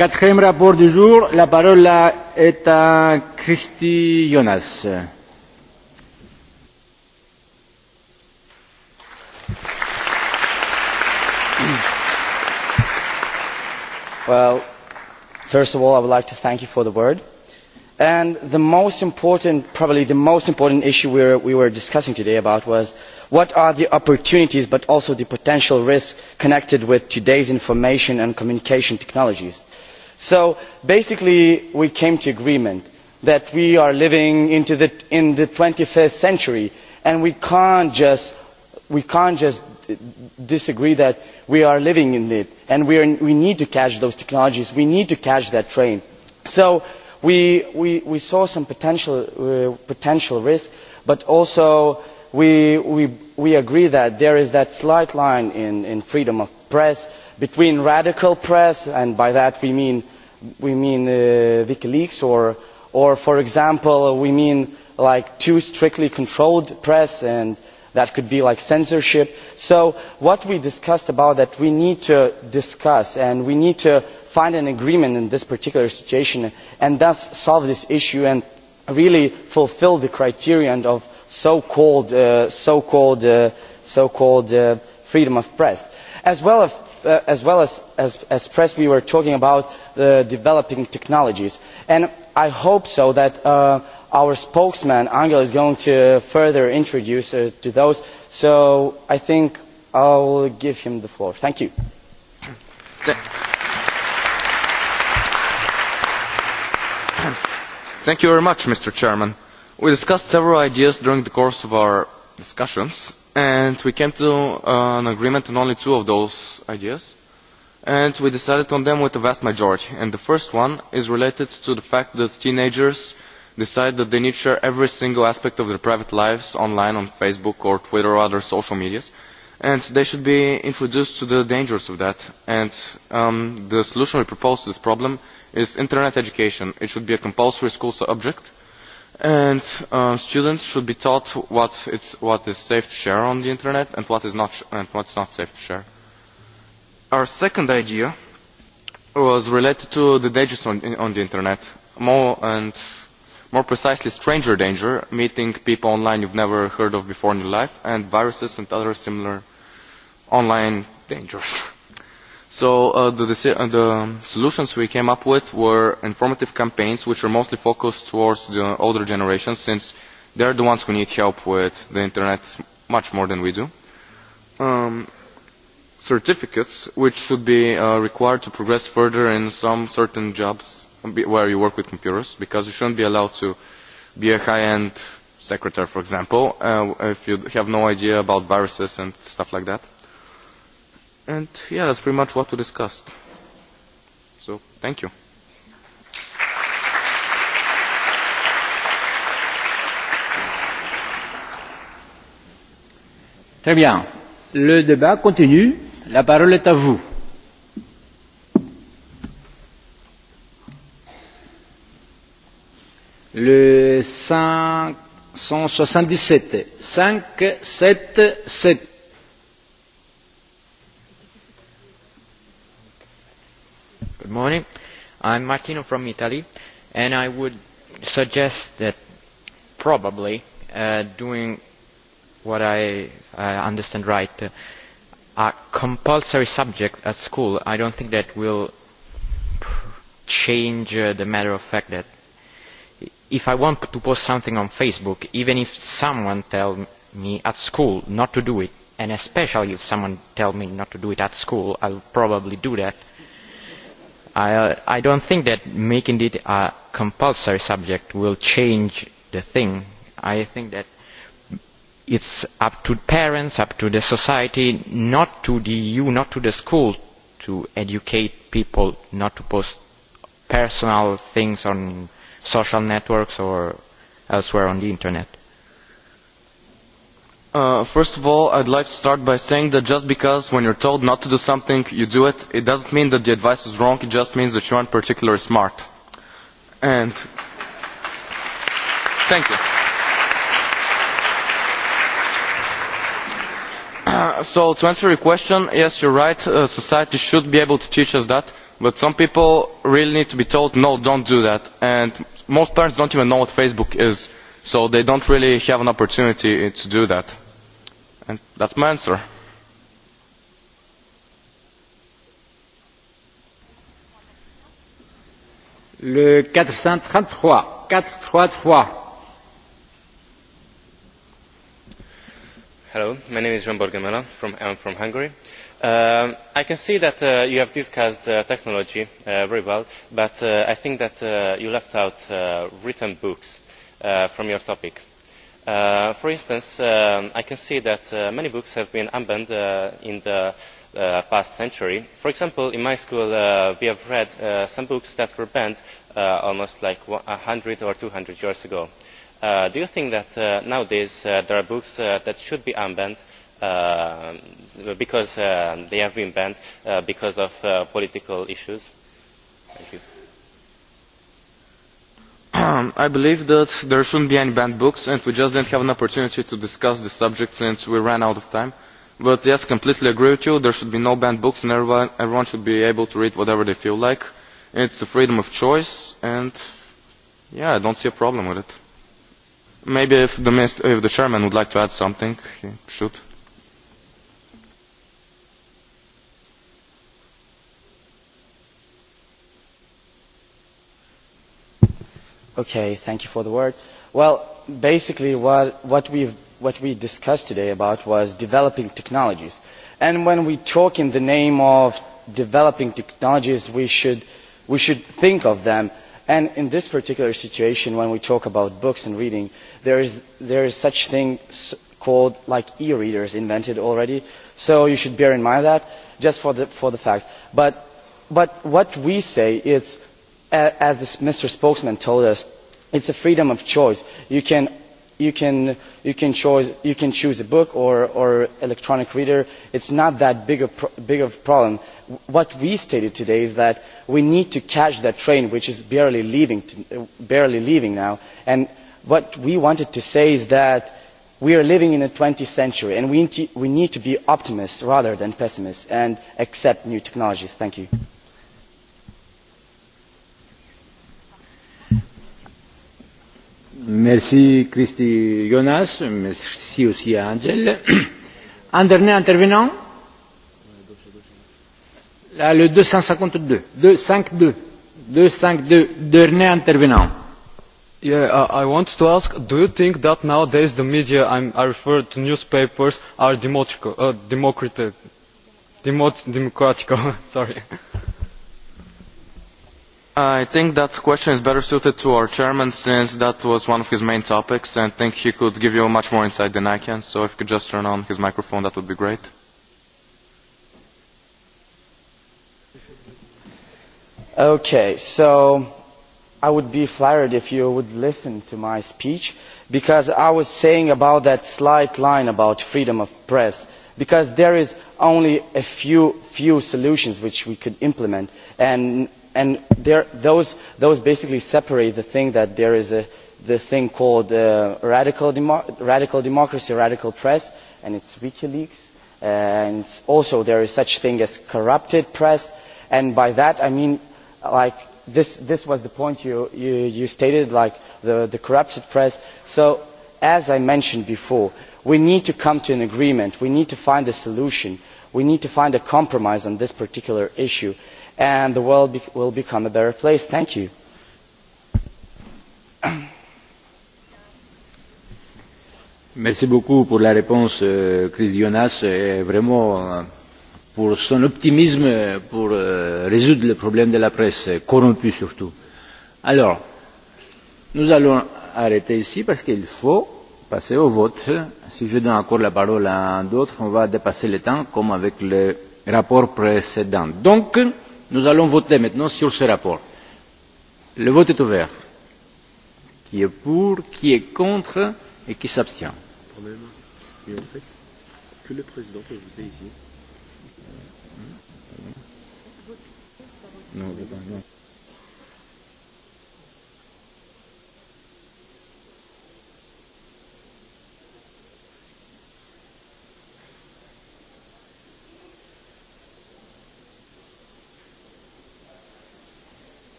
rapport du jour, la parole est à Jonas. Well, first of all, I would like to thank you for the word. And the most important, probably the most important issue we were, we were discussing today about was what are the opportunities but also the potential risks connected with today's information and communication technologies so basically we came to agreement that we are living in the twenty first century and we cannot just disagree that we are living in it and we need to catch those technologies we need to catch that train. so we saw some uh, potential risks but also we agree that there is that slight line in freedom of the press between radical press and by that we mean we mean uh, wikileaks or for example we mean like too strictly controlled press and that could be like censorship so what we discussed about that we need to discuss and we need to find an agreement in this particular situation and thus solve this issue and really fulfill the criterion of so called uh, so called uh, so called freedom of press as well as Uh, as well as, as, press we were talking about the uh, developing technologies and i hope so that uh, our spokesman angel is going to further introduce to those so i think i will give him the floor. thank you. thank you very much mr president. we discussed several ideas during the course of our discussions and we came to uh, an agreement on only two of those ideas and we decided on them with a vast majority and the first one is related to the fact that teenagers decide that they need to share every single aspect of their private lives online on facebook or twitter or other social medias and they should be introduced to the dangers of that and um, the solution we propose to this problem is internet education. it should be a compulsory school subject and uh, students should be taught what, it's, what is safe to share on the internet and what is not, and what's not safe to share. Our second idea was related to the dangers on, on the internet, more and more precisely stranger danger, meeting people online you've never heard of before in your life, and viruses and other similar online dangers. So uh, the, uh, the solutions we came up with were informative campaigns which are mostly focused towards the older generations since they're the ones who need help with the internet much more than we do. Um, certificates which should be uh, required to progress further in some certain jobs um, where you work with computers because you shouldn't be allowed to be a high-end secretary, for example, uh, if you have no idea about viruses and stuff like that. And yeah, that's pretty much what we discussed. So, thank you. Très bien. Le débat continue. La parole est à vous. Le 577. 577. Good morning. I'm Martino from Italy, and I would suggest that probably uh, doing what I understand right, uh, a compulsory subject at school, I don't think that will change uh, the matter of fact that if I want to post something on Facebook, even if someone tells me at school not to do it, and especially if someone tells me not to do it at school, I'll probably do that i, uh, I don't think that making it a compulsory subject will change the thing. I think that it's up to parents, up to the society, not to the EU, not to the school, to educate people not to post personal things on social networks or elsewhere on the internet. Uh, first of all I would like to start by saying that just because when you are told not to do something you do it it doesn't mean that the advice was wrong it just means that you not particularly smart thank you uh, so to answer your question yes you are right uh, society should be able to teach us that but some people really need to be told no don't do that and most parents don't even know what facebook is so they don't really have an opportunity to do that. And that's my answer. Le 433. 433. Hello, my name is Jean Borgemela. From, I'm from Hungary. Uh, I can see that uh, you have discussed uh, technology very well, but uh, I think that uh, you left out uh, written books Uh, from your topic. Uh, for instance, um, I can see that uh, many books have been unbanned in the past century. For example, in my school we have read some books that were banned almost like 100 or 200 years ago. Do you think that nowadays there are books that should be unbanned? because they have been banned because of political issues. Thank you. Um, I believe that there shouldn't be any banned books, and we just didn't have an opportunity to discuss the subject since we ran out of time. But yes, completely agree with you. There should be no banned books, and everyone, everyone should be able to read whatever they feel like. It's a freedom of choice, and yeah, I don't see a problem with it. Maybe if the, if the chairman would like to add something, he should. Okay, thank you for the word. Well, basically what, what, we've, what we discussed today about was developing technologies. And when we talk in the name of developing technologies, we should, we should think of them. And in this particular situation, when we talk about books and reading, there is, there is such thing called like e-readers invented already. So you should bear in mind that just for the, for the fact. But, but what we say is as mr spokesman told us it is a freedom of choice you can choose a book or or electronic reader it's not that big a problem what we stated today is that we need to catch that train which is barely leaving now and what we wanted to say is that we are living in the 20th century and we need to, we need to be optimists rather than pessimists and accept new technologies thank you Merci Christy Jonas, merci aussi à Angel. Un dernier intervenant Là, Le 252, 252, 252, dernier intervenant. Yeah, uh, I want to ask, do you think that nowadays the media, I'm, I refer to newspapers, are democratic, uh, democratic, democratic sorry. I think that question is better suited to our chairman since that was one of his main topics and I think he could give you much more insight than I can. So if you could just turn on his microphone, that would be great. Okay, so I would be flattered if you would listen to my speech because I was saying about that slight line about freedom of press because there is only a few, few solutions which we could implement and and there, those, those basically separate the thing that there is a, the thing called uh, radical, demo radical democracy, radical press, and it's WikiLeaks. And also there is such thing as corrupted press. And by that I mean, like, this, this was the point you, you, you stated, like, the, the corrupted press. So, as I mentioned before, we need to come to an agreement. We need to find a solution. We need to find a compromise on this particular issue and the world will become a better place. Thank you. Merci beaucoup pour la réponse, euh, Chris Jonas, et vraiment euh, pour son optimisme pour euh, résoudre le problème de la presse, corrompue surtout. Alors, nous allons arrêter ici parce qu'il faut passer au vote. Si je donne encore la parole à d'autres, on va dépasser le temps comme avec le rapport précédent. Donc, Nous allons voter maintenant sur ce rapport. Le vote est ouvert. Qui est pour, qui est contre et qui s'abstient le président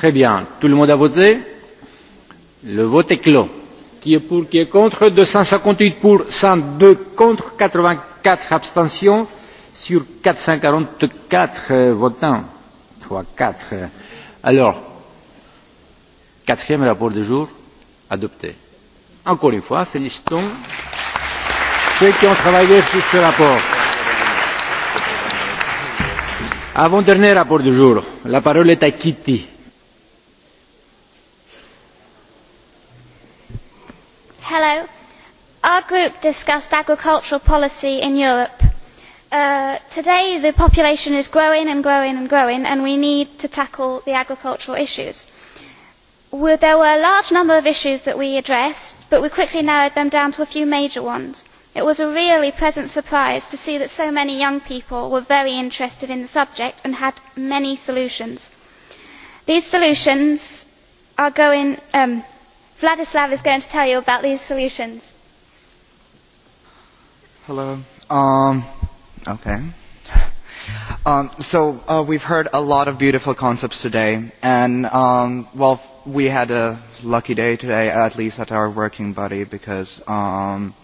Très bien. Tout le monde a voté Le vote est clos. Qui est pour Qui est contre 258 pour, 102 contre, 84 abstentions sur 444 euh, votants. 3, 4. Alors, quatrième rapport du jour, adopté. Encore une fois, félicitons ceux qui ont travaillé sur ce rapport. Avant-dernier rapport du jour, la parole est à Kitty hello our group discussed agricultural policy in europe. Uh, today the population is growing and growing and growing and we need to tackle the agricultural issues. there were a large number of issues that we addressed but we quickly narrowed them down to a few major ones. it was a really pleasant surprise to see that so many young people were very interested in the subject and had many solutions. these solutions are going um, Vladislav is going to tell you about these solutions. Hello. Um, okay. Um, so uh, we've heard a lot of beautiful concepts today, and um, well, we had a lucky day today, at least at our working buddy, because um,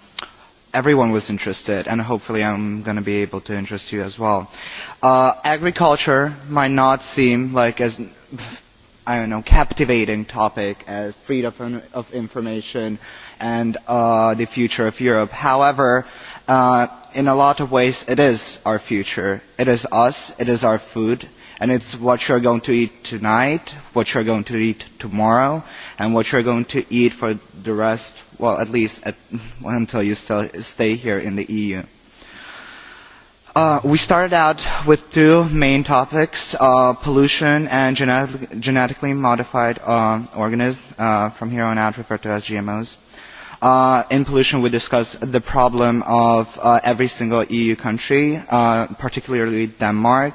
everyone was interested, and hopefully I'm going to be able to interest you as well. Uh, agriculture might not seem like as i don't know, captivating topic as freedom of information and uh, the future of Europe. However, uh, in a lot of ways, it is our future. It is us, it is our food, and it's what you're going to eat tonight, what you're going to eat tomorrow, and what you're going to eat for the rest, well, at least at, until you still stay here in the EU. Uh, we started out with two main topics, uh, pollution and genetic genetically modified uh, organisms, uh, from here on out referred to as GMOs. Uh, in pollution, we discussed the problem of uh, every single EU country, uh, particularly Denmark.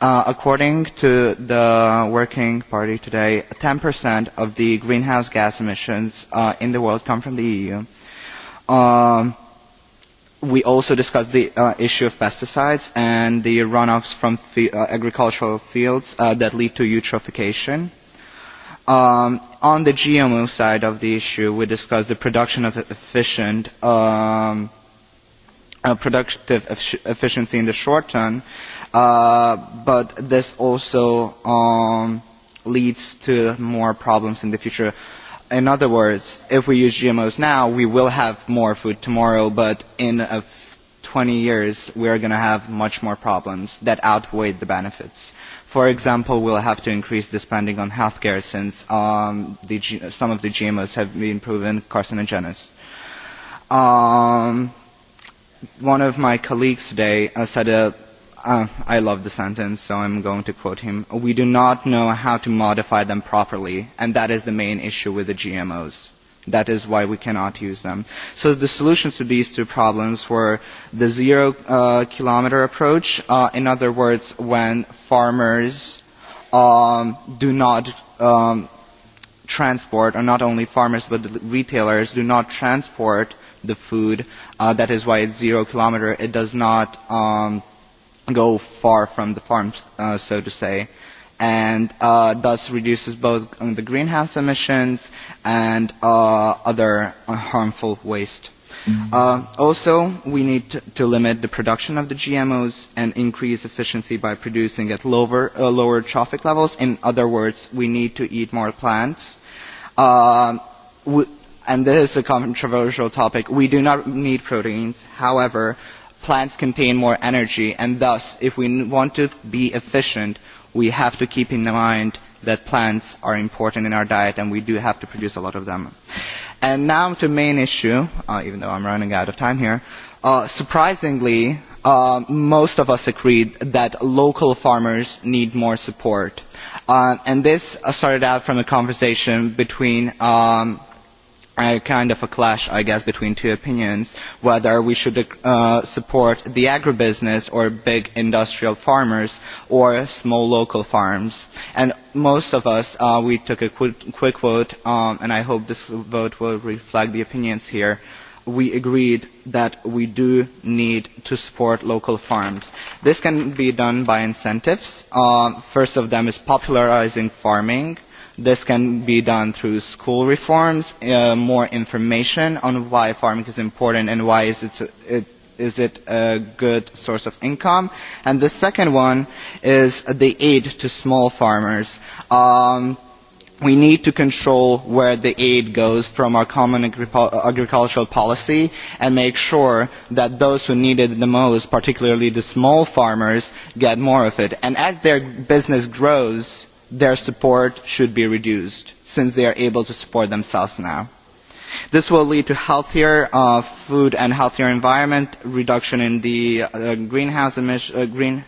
Uh, according to the Working Party today, 10% of the greenhouse gas emissions uh, in the world come from the EU. Um, we also discussed the uh, issue of pesticides and the runoffs from uh, agricultural fields uh, that lead to eutrophication. Um, on the GMO side of the issue, we discussed the production of efficient um, uh, productive efficiency in the short term, uh, but this also um, leads to more problems in the future in other words if we use gmos now we will have more food tomorrow but in twenty 20 years we are going to have much more problems that outweigh the benefits. For example, we'll have to increase the spending on healthcare since um, the G some of the GMOs have been proven carcinogenous. Um, one of my colleagues today uh, said a uh, I love the sentence, so I'm going to quote him. We do not know how to modify them properly, and that is the main issue with the GMOs. That is why we cannot use them. So the solutions to these two problems were the zero uh, kilometer approach. Uh, in other words, when farmers um, do not um, transport, or not only farmers but the retailers do not transport the food, uh, that is why it's zero kilometer. It does not um, go far from the farms uh, so to say, and uh, thus reduces both the greenhouse emissions and uh, other uh, harmful waste. Mm-hmm. Uh, also, we need to, to limit the production of the GMOs and increase efficiency by producing at lower, uh, lower trophic levels. In other words, we need to eat more plants. Uh, we, and this is a controversial topic. We do not need proteins. However, plants contain more energy and thus if we want to be efficient we have to keep in mind that plants are important in our diet and we do have to produce a lot of them. And now to the main issue, uh, even though I'm running out of time here. Uh, surprisingly, uh, most of us agreed that local farmers need more support. Uh, and this uh, started out from a conversation between um, a kind of a clash i guess between two opinions whether we should uh, support the agribusiness or big industrial farmers or small local farms and most of us uh, we took a quick, quick vote um, and i hope this vote will reflect the opinions here we agreed that we do need to support local farms. This can be done by incentives. Uh, first of them is popularising farming This can be done through school reforms, uh, more information on why farming is important and why is it, it is it a good source of income? And the second one is the aid to small farmers. Um, we need to control where the aid goes from our common agri agricultural policy and make sure that those who need it the most, particularly the small farmers, get more of it. And as their business grows, their support should be reduced since they are able to support themselves now. This will lead to healthier uh, food and healthier environment, reduction in the uh, greenhouse emissions. Uh, green,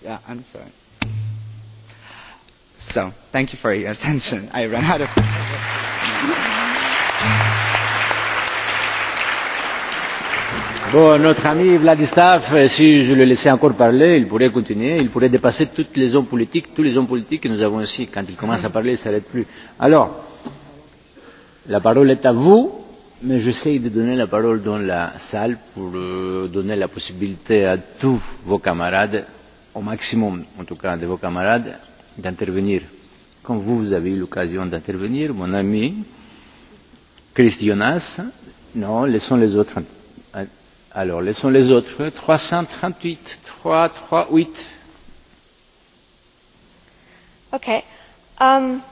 yeah, I'm sorry. So, thank you for your attention. I ran out of. Bon, notre ami Vladislav, euh, si je le laissais encore parler, il pourrait continuer, il pourrait dépasser toutes les hommes politiques, tous les hommes politiques que nous avons ici. Quand il commence à parler, il ne s'arrête plus. Alors, la parole est à vous, mais j'essaie de donner la parole dans la salle pour euh, donner la possibilité à tous vos camarades, au maximum en tout cas de vos camarades, d'intervenir. Comme vous, vous avez eu l'occasion d'intervenir, mon ami Christianas, non, laissons les autres Alors, laissons les autres. 338, 338. ok Um,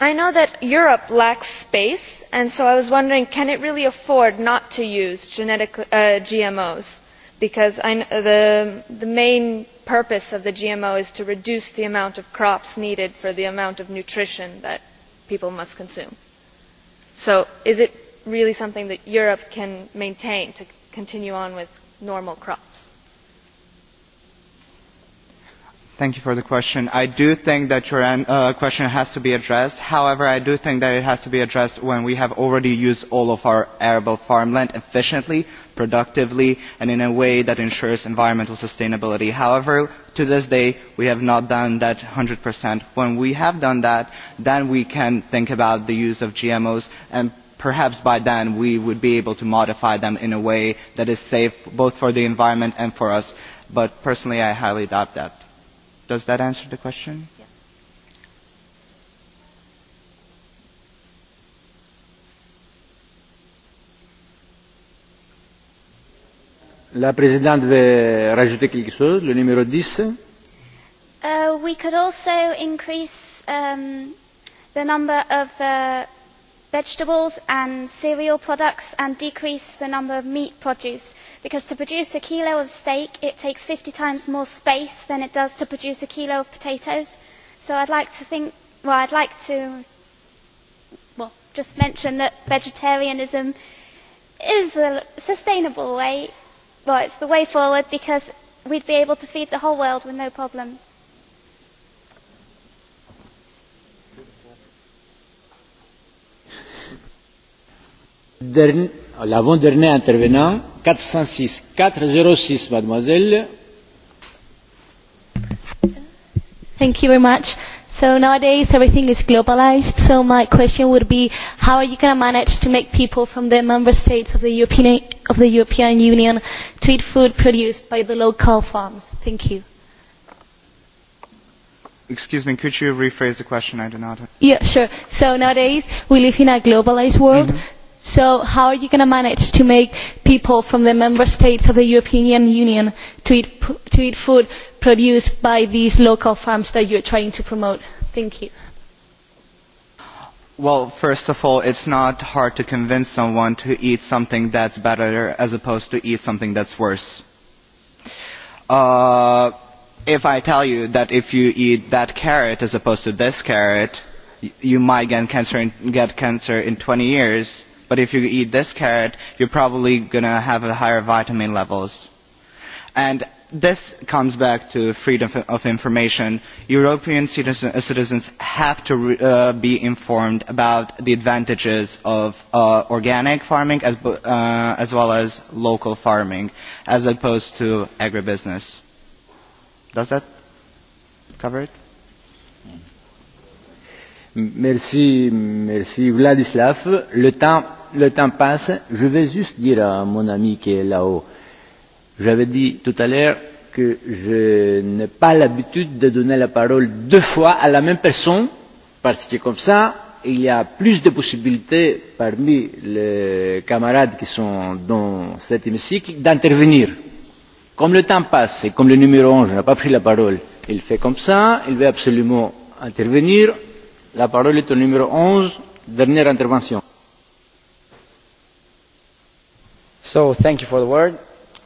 I know that Europe lacks space, and so I was wondering, can it really afford not to use genetic uh, GMOs? Because I, the, the main purpose of the GMO is to reduce the amount of crops needed for the amount of nutrition that people must consume. So is it really something that Europe can maintain to continue on with normal crops? Thank you for the question. I do think that your uh, question has to be addressed. However, I do think that it has to be addressed when we have already used all of our arable farmland efficiently, productively, and in a way that ensures environmental sustainability. However, to this day, we have not done that 100%. When we have done that, then we can think about the use of GMOs and perhaps by then we would be able to modify them in a way that is safe both for the environment and for us. But personally, I highly doubt that. Does that answer the question? La présidente veut rajouter quelque chose, le numéro 10. Uh, we could also increase um, the number of uh, vegetables and cereal products and decrease the number of meat produce because to produce a kilo of steak it takes fifty times more space than it does to produce a kilo of potatoes so I'd like to think well I'd like to well, just mention that vegetarianism is a sustainable way well it's the way forward because we'd be able to feed the whole world with no problems. L'avant-dernier intervenant, 406. 406, mademoiselle. Thank you very much. So nowadays everything is globalized. So my question would be, how are you going to manage to make people from the member states of the European, of the European Union to eat food produced by the local farms? Thank you. Excuse me, could you rephrase the question? I do not. Yeah, sure. So nowadays we live in a globalized world. Mm -hmm so how are you going to manage to make people from the member states of the european union to eat, food produced by these local farms that you are trying to promote? Thank you. Well, first of all, it's not hard to convince someone to eat something that's better as opposed to eat something that's worse. Uh, if I tell you that if you eat that carrot as opposed to this carrot, you might get cancer in, get cancer in 20 years but if you eat this carrot you're probably going to have a higher vitamin levels and this comes back to freedom of information european uh, citizens have to uh, be informed about the advantages of uh, organic farming as, uh, as well as local farming as opposed to agribusiness does that cover it merci merci vladislav le temps le temps passe. Je vais juste dire à mon ami qui est là-haut, j'avais dit tout à l'heure que je n'ai pas l'habitude de donner la parole deux fois à la même personne, parce que comme ça, il y a plus de possibilités parmi les camarades qui sont dans cet hémicycle d'intervenir. Comme le temps passe et comme le numéro 11 n'a pas pris la parole, il fait comme ça, il veut absolument intervenir. La parole est au numéro 11, dernière intervention. So, thank you for the word.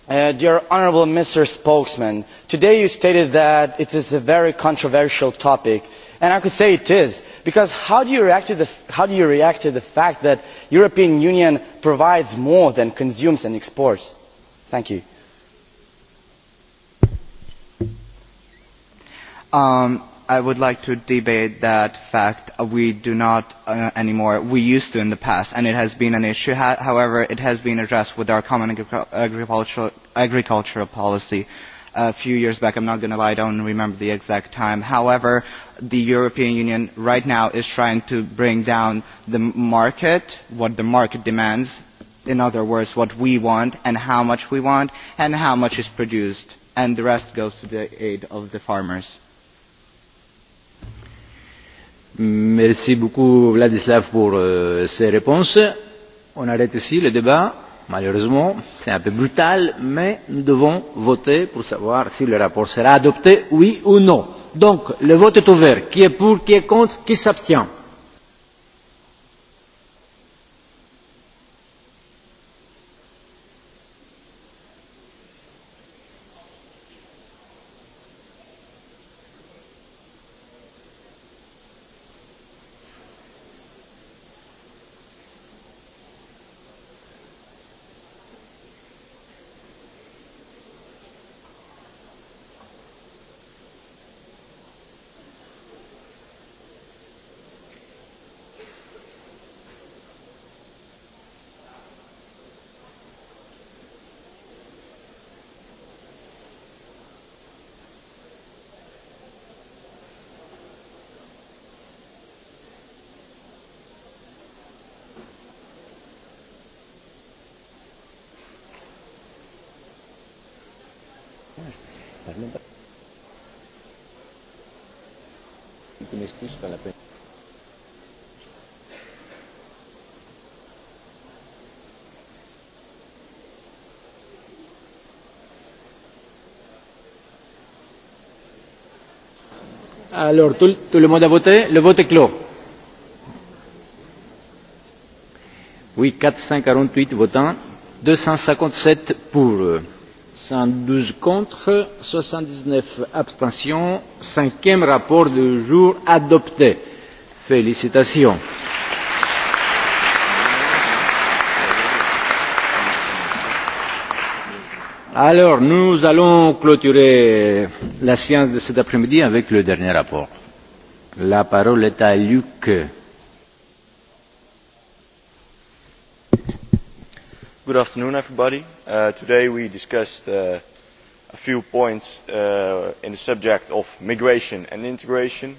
Uh, dear honourable Mr Spokesman, today you stated that it is a very controversial topic, and I could say it is, because how do you react to the, how do you react to the fact that the European Union provides more than consumes and exports? Thank you. Um, i would like to debate that fact. We do not uh, anymore. We used to in the past, and it has been an issue. however, it has been addressed with our common agricultural, policy a few years back. I'm not going to lie, I don't remember the exact time. However, the European Union right now is trying to bring down the market, what the market demands, in other words, what we want and how much we want and how much is produced. And the rest goes to the aid of the farmers. Merci beaucoup Vladislav pour euh, ces réponses. On arrête ici le débat. Malheureusement, c'est un peu brutal, mais nous devons voter pour savoir si le rapport sera adopté, oui ou non. Donc, le vote est ouvert. Qui est pour, qui est contre, qui s'abstient Alors, tout, tout le monde a voté Le vote est clos. Oui, 448 votants, 257 pour, 112 contre, 79 abstentions. Cinquième rapport du jour adopté. Félicitations. Alors, nous allons clôturer la séance de cet après-midi avec le dernier rapport. La parole est à Luc. Good afternoon, everybody. Uh, today we discussed uh, a few points uh, in the subject of migration and integration.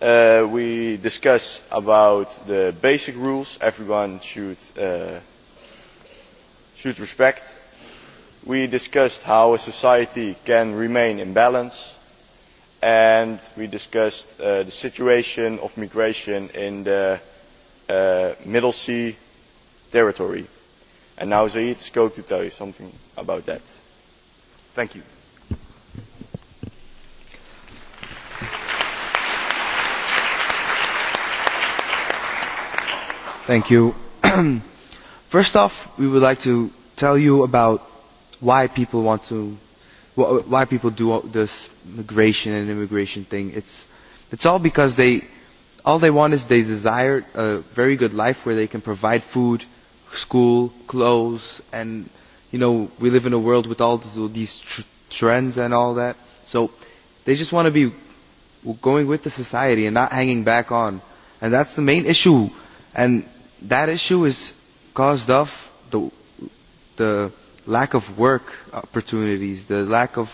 Uh, we discuss about the basic rules everyone should, uh, should respect we discussed how a society can remain in balance and we discussed uh, the situation of migration in the uh, middle sea territory and now zaid is going to tell you something about that. Thank you. First off, we would like to tell you about why people want to why people do this migration and immigration thing. It's it's all because they all they want is they desire a very good life where they can provide food, school, clothes, and you know we live in a world with all these tr trends and all that. So they just want to be going with the society and not hanging back on, and that's the main issue. And that issue is caused of the the lack of work opportunities, the lack of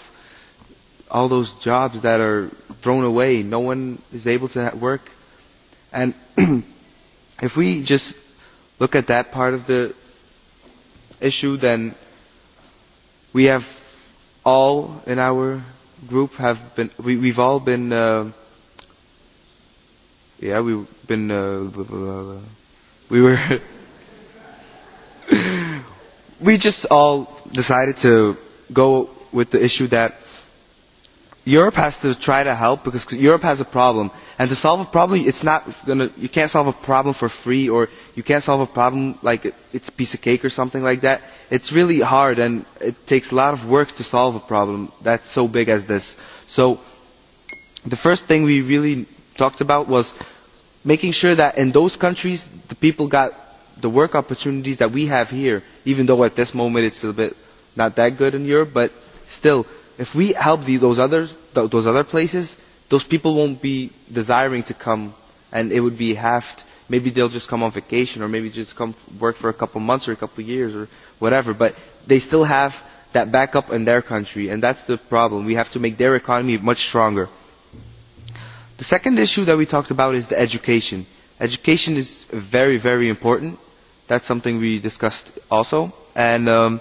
all those jobs that are thrown away. No one is able to work. And if we just look at that part of the issue, then we have all in our group have been, we, we've all been, uh, yeah, we've been, uh, blah, blah, blah, we were, we just all decided to go with the issue that Europe has to try to help because Europe has a problem. And to solve a problem, it's not gonna, you can't solve a problem for free or you can't solve a problem like it's a piece of cake or something like that. It's really hard and it takes a lot of work to solve a problem that's so big as this. So the first thing we really talked about was making sure that in those countries the people got the work opportunities that we have here, even though at this moment it's a bit not that good in Europe, but still, if we help the, those, others, th those other places, those people won't be desiring to come, and it would be halved. Maybe they'll just come on vacation, or maybe just come work for a couple months or a couple years or whatever, but they still have that backup in their country, and that's the problem. We have to make their economy much stronger. The second issue that we talked about is the education Education is very, very important. That's something we discussed also. And um,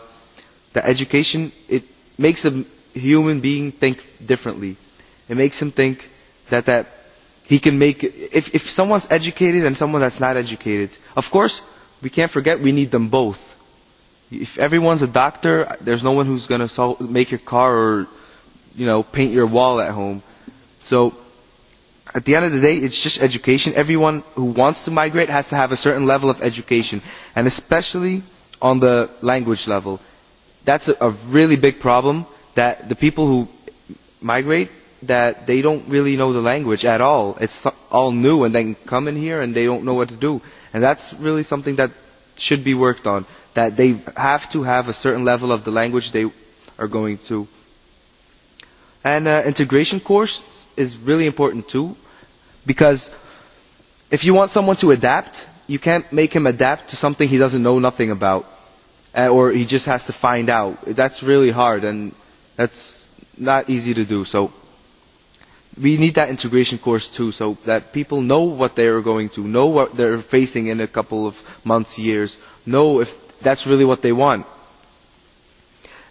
the education, it makes a human being think differently. It makes him think that, that he can make, if, if someone's educated and someone that's not educated, of course, we can't forget we need them both. If everyone's a doctor, there's no one who's going to make your car or, you know, paint your wall at home. So at the end of the day it's just education everyone who wants to migrate has to have a certain level of education and especially on the language level that's a, a really big problem that the people who migrate that they don't really know the language at all it's all new and then come in here and they don't know what to do and that's really something that should be worked on that they have to have a certain level of the language they are going to and uh, integration course is really important too because if you want someone to adapt you can't make him adapt to something he doesn't know nothing about eh, or he just has to find out that's really hard and that's not easy to do so we need that integration course too so that people know what they are going to know what they they're facing in a couple of months years know if that's really what they want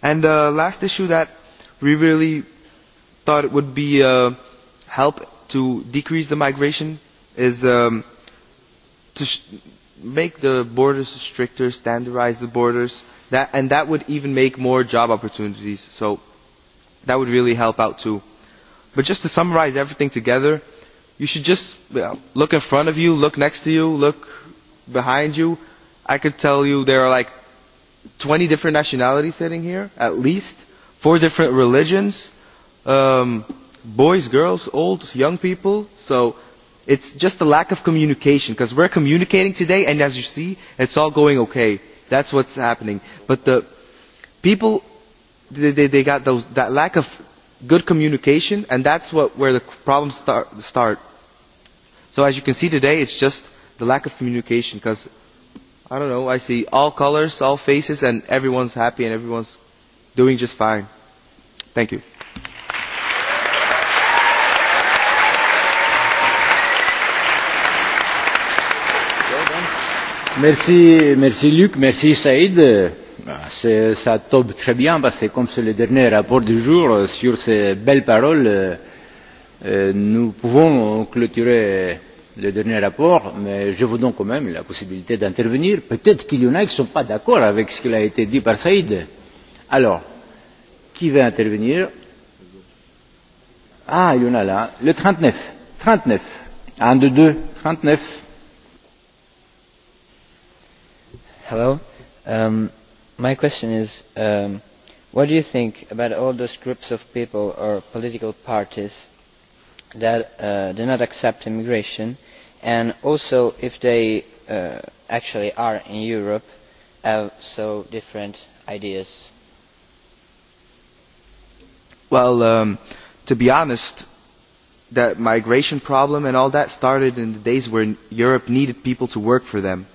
and the uh, last issue that we really thought it would be uh, help to decrease the migration is um, to sh make the borders stricter, standardize the borders, that, and that would even make more job opportunities. So that would really help out too. But just to summarize everything together, you should just you look in front of you, look next to you, look behind you. I could tell you there are like 20 different nationalities sitting here, at least, four different religions. Um, boys girls old young people so it's just a lack of communication because we're communicating today and as you see it's all going okay that's what's happening but the people they, they, they got those that lack of good communication and that's what where the problems start, start so as you can see today it's just the lack of communication because I don't know I see all colors all faces and everyone's happy and everyone's doing just fine thank you Merci, merci Luc, merci Saïd. Ça tombe très bien parce que comme c'est le dernier rapport du jour, euh, sur ces belles paroles, euh, euh, nous pouvons clôturer le dernier rapport, mais je vous donne quand même la possibilité d'intervenir. Peut-être qu'il y en a qui ne sont pas d'accord avec ce qui a été dit par Saïd. Alors, qui veut intervenir Ah, il y en a là. Le neuf, un deux deux, trente neuf. Hello. Um, my question is, um, what do you think about all those groups of people or political parties that uh, do not accept immigration and also if they uh, actually are in Europe have so different ideas? Well, um, to be honest, that migration problem and all that started in the days when Europe needed people to work for them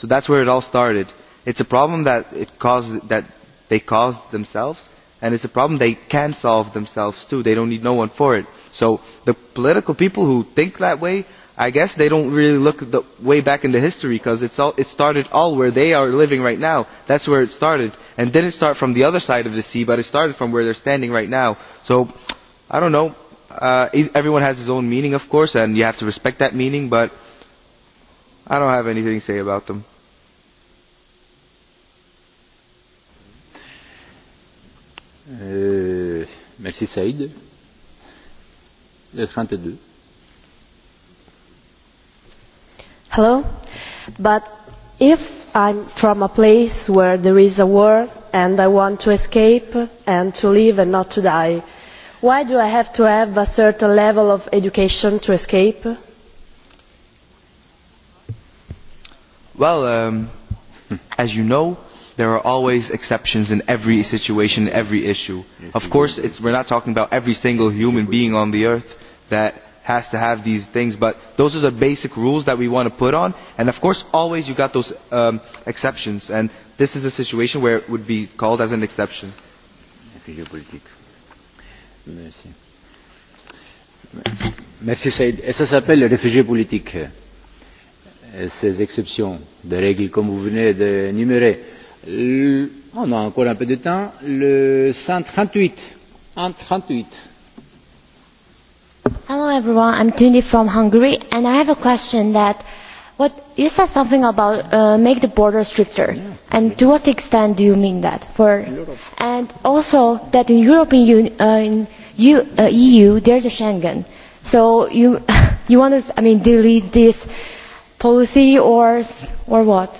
so that's where it all started it's a problem that it caused that they caused themselves and it's a problem they can solve themselves too they don't need no one for it so the political people who think that way i guess they don't really look the way back in the history because it's all it started all where they are living right now that's where it started and didn't start from the other side of the sea but it started from where they're standing right now so i don't know uh, e, everyone has his own meaning of course and you have to respect that meaning but i don't have anything to say about them Euh, merci Saïd. Hello. But if I'm from a place where there is a war and I want to escape and to live and not to die, why do I have to have a certain level of education to escape? Well, um, as you know, there are always exceptions in every situation every issue of course it's we're not talking about every single human being on the earth that has to have these things but those are the basic rules that we want to put on and of course always you got those um, exceptions and this is a situation where it would be called as an exception Merci. Merci Saïd. Et ça s'appelle les réfugiés politiques, ces exceptions de règles comme vous venez d'énumérer. Euh, on a encore un peu de temps. Le 138. 138. Hello everyone, I'm Tundi from Hungary and I have a question that what you said something about uh, make the border stricter yeah. and to what extent do you mean that for and also that in European Union uh, in EU, uh, EU there's a Schengen so you you want to I mean delete this policy or or what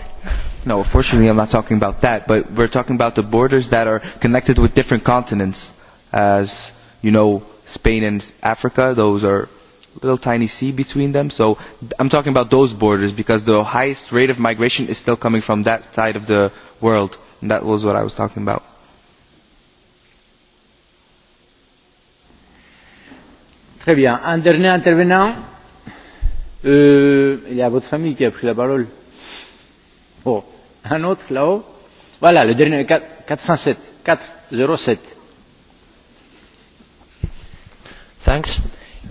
no, unfortunately, I'm not talking about that, but we're talking about the borders that are connected with different continents. As you know, Spain and Africa, those are a little tiny sea between them. So I'm talking about those borders because the highest rate of migration is still coming from that side of the world. And that was what I was talking about. Très bien. Un dernier intervenant. Euh, il y a votre famille qui a pris la parole. Oh. Un autre là-haut Voilà, le dernier, 407. 407. Thanks.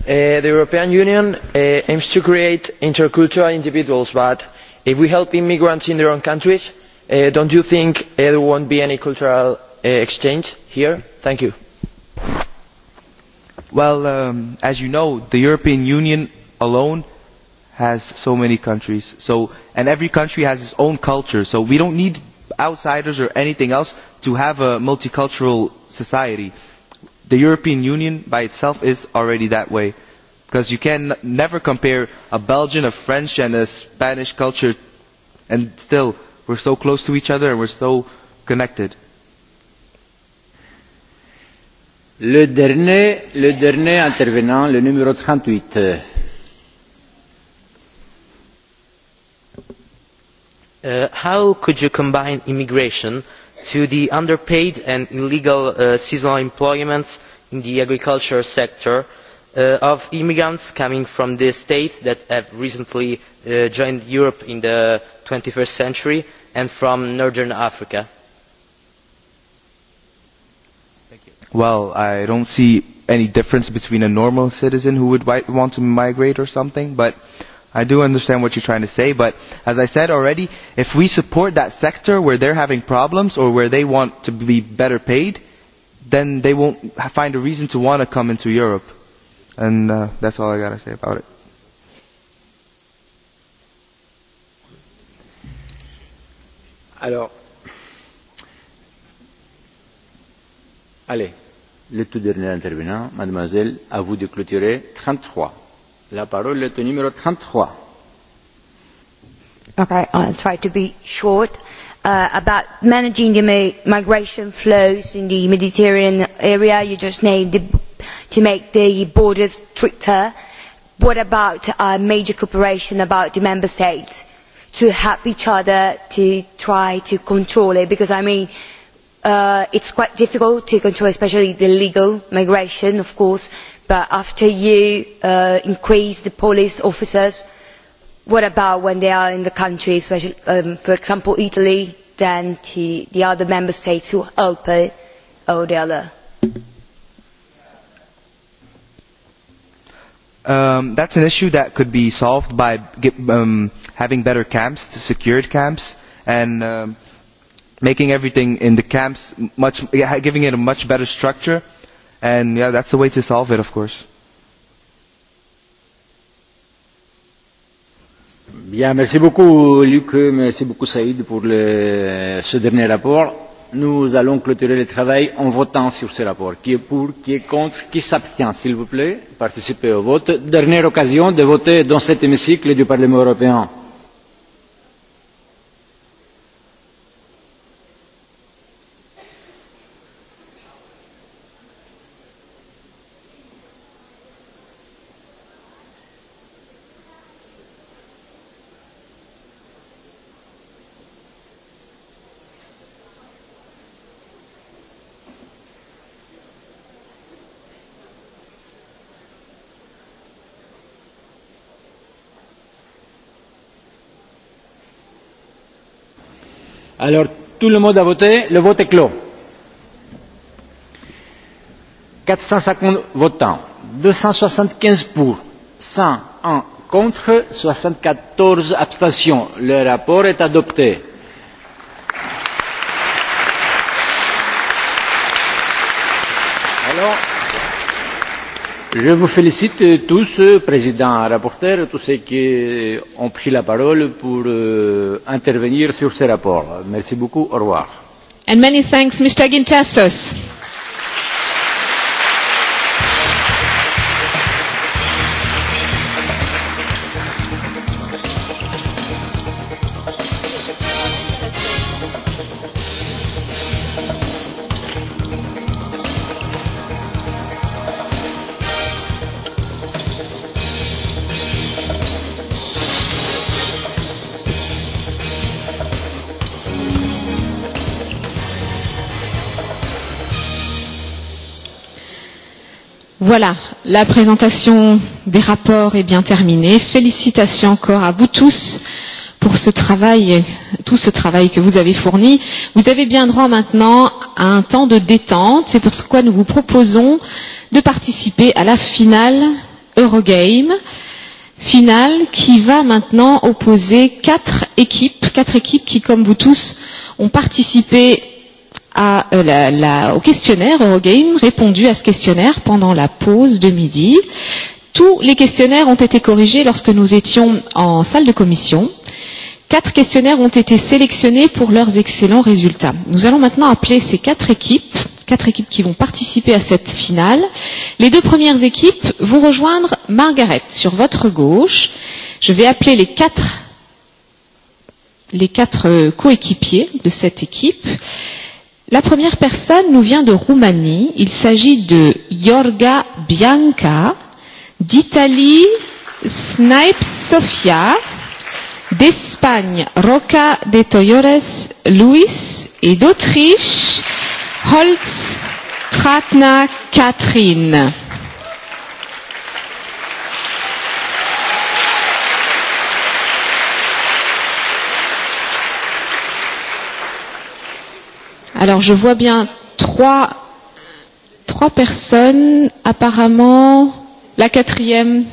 Uh, the European Union uh, aims to create intercultural individuals, but if we help immigrants in their own countries, uh, don't you think there won't be any cultural exchange here? Thank you. Well, um, as you know, the European Union alone has so many countries so, and every country has its own culture so we don't need outsiders or anything else to have a multicultural society. the european union by itself is already that way because you can never compare a belgian a french and a spanish culture and still we're so close to each other and we're so connected. Le dernier, le dernier intervenant, le numero 38. Uh, how could you combine immigration to the underpaid and illegal uh, seasonal employments in the agricultural sector uh, of immigrants coming from the states that have recently joined europe in the twenty first century and from northern africa? well i do not see any difference between a normal citizen who would want to migrate or something but i do understand what you're trying to say, but as I said already, if we support that sector where they're having problems or where they want to be better paid, then they won't find a reason to want to come into Europe. And uh, that's all I got to say about it. Alors, allez, le tout dernier intervenant, mademoiselle, à vous de clôturer 33. La parole est numéro 33. try to be short. Uh, about managing the migration flows in the Mediterranean area, you just named to make the borders stricter. What about uh, major cooperation about the member states to help each other to try to control it? Because I mean, it uh, it's quite difficult to control, especially the legal migration, of course but after you uh, increase the police officers what about when they are in the country um, for example italy then the, the other member states who help or uh, the other? Um, that's an issue that could be solved by um, having better camps, secured camps, and um, making everything in the camps much, giving it a much better structure And yeah, that's the way to solve it, of course. Bien, merci beaucoup Luc, merci beaucoup Saïd pour le, ce dernier rapport. Nous allons clôturer le travail en votant sur ce rapport. Qui est pour, qui est contre, qui s'abstient, s'il vous plaît, participez au vote. Dernière occasion de voter dans cet hémicycle du Parlement européen Alors, tout le monde a voté. Le vote est clos. 450 votants, 275 pour, 101 contre, 74 abstentions. Le rapport est adopté Je vous félicite tous, président, rapporteur, tous ceux qui ont pris la parole pour euh, intervenir sur ce rapport. Merci beaucoup, au revoir. And many thanks, Mr. Voilà, la présentation des rapports est bien terminée. Félicitations encore à vous tous pour ce travail, tout ce travail que vous avez fourni. Vous avez bien droit maintenant à un temps de détente. C'est pour quoi nous vous proposons de participer à la finale Eurogame. Finale qui va maintenant opposer quatre équipes, quatre équipes qui, comme vous tous, ont participé à euh, la, la, au questionnaire Eurogame, répondu à ce questionnaire pendant la pause de midi. Tous les questionnaires ont été corrigés lorsque nous étions en salle de commission. Quatre questionnaires ont été sélectionnés pour leurs excellents résultats. Nous allons maintenant appeler ces quatre équipes, quatre équipes qui vont participer à cette finale. Les deux premières équipes vont rejoindre Margaret sur votre gauche. Je vais appeler les quatre les quatre euh, coéquipiers de cette équipe La première personne nous vient de Roumanie. Il s'agit de Yorga Bianca, d'Italie Snipe Sofia, d'Espagne Roca de Toyores Luis et d'Autriche Holz Tratna Catherine. Alors, je vois bien trois, trois personnes. Apparemment, la quatrième,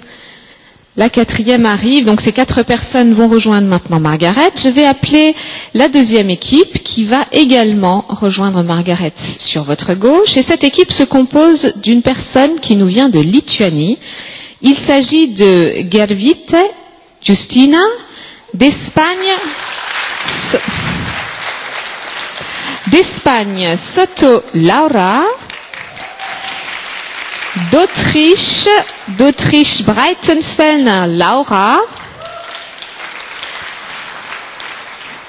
la quatrième arrive. Donc, ces quatre personnes vont rejoindre maintenant Margaret. Je vais appeler la deuxième équipe qui va également rejoindre Margaret sur votre gauche. Et cette équipe se compose d'une personne qui nous vient de Lituanie. Il s'agit de Gervite, Justina, d'Espagne d'Espagne, Soto Laura. D'Autriche, d'Autriche Breitenfeln, Laura.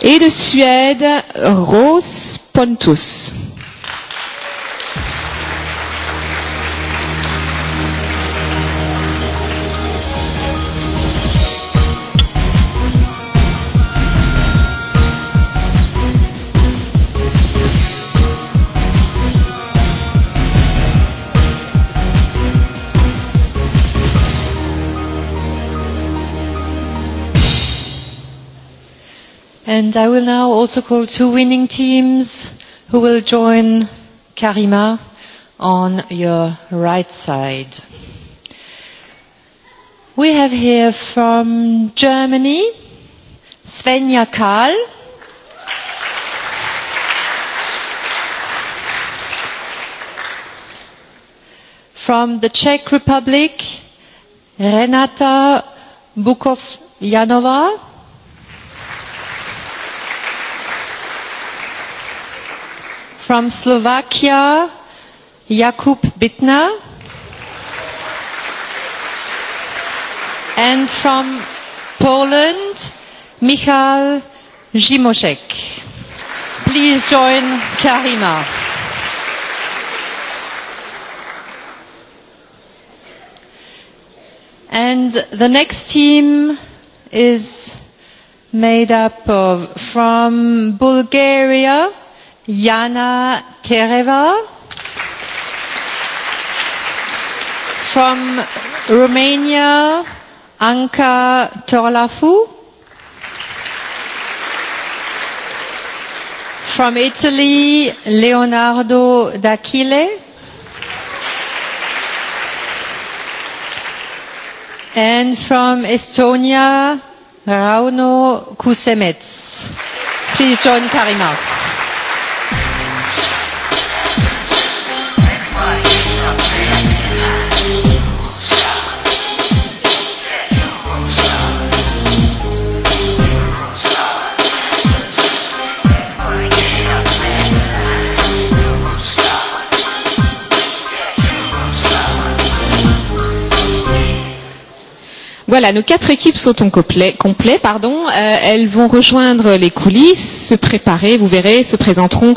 Et de Suède, Rose Pontus. And I will now also call two winning teams who will join Karima on your right side. We have here from Germany, Svenja Karl From the Czech Republic, Renata Janova. From Slovakia, Jakub Bittner. And from Poland, Michal Zimoszek. Please join Karima. And the next team is made up of from Bulgaria, Jana Kereva from Romania, Anka Torlafu from Italy, Leonardo D'Achille and from Estonia, Rauno Kusemets. Please join Karima. Voilà, nos quatre équipes sont en complet, complet pardon. Euh, elles vont rejoindre les coulisses, se préparer, vous verrez, se présenteront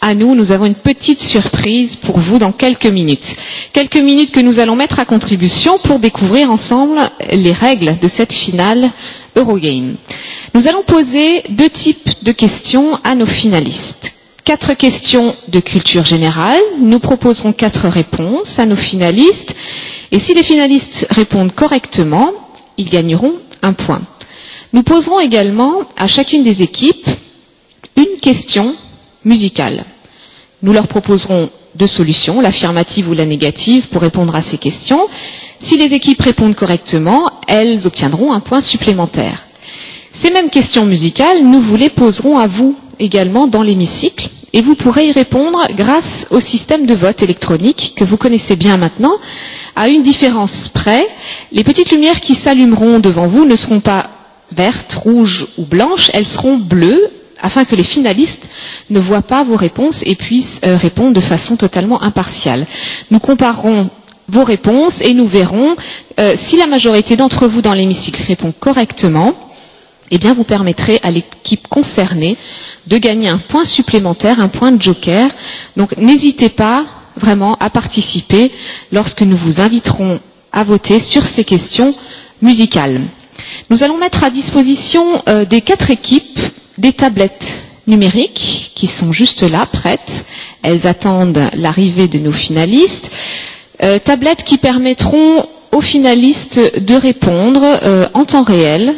à nous. Nous avons une petite surprise pour vous dans quelques minutes. Quelques minutes que nous allons mettre à contribution pour découvrir ensemble les règles de cette finale Eurogame. Nous allons poser deux types de questions à nos finalistes. Quatre questions de culture générale. Nous proposerons quatre réponses à nos finalistes. Et si les finalistes répondent correctement, ils gagneront un point. Nous poserons également à chacune des équipes une question musicale. Nous leur proposerons deux solutions, l'affirmative ou la négative, pour répondre à ces questions. Si les équipes répondent correctement, elles obtiendront un point supplémentaire. Ces mêmes questions musicales, nous vous les poserons à vous également dans l'hémicycle et vous pourrez y répondre grâce au système de vote électronique que vous connaissez bien maintenant. À une différence près, les petites lumières qui s'allumeront devant vous ne seront pas vertes, rouges ou blanches, elles seront bleues afin que les finalistes ne voient pas vos réponses et puissent euh, répondre de façon totalement impartiale. Nous comparerons vos réponses et nous verrons euh, si la majorité d'entre vous dans l'hémicycle répond correctement eh bien vous permettrez à l'équipe concernée de gagner un point supplémentaire, un point de joker. Donc n'hésitez pas vraiment à participer lorsque nous vous inviterons à voter sur ces questions musicales. Nous allons mettre à disposition euh, des quatre équipes des tablettes numériques qui sont juste là, prêtes. Elles attendent l'arrivée de nos finalistes. Euh, tablettes qui permettront aux finalistes de répondre euh, en temps réel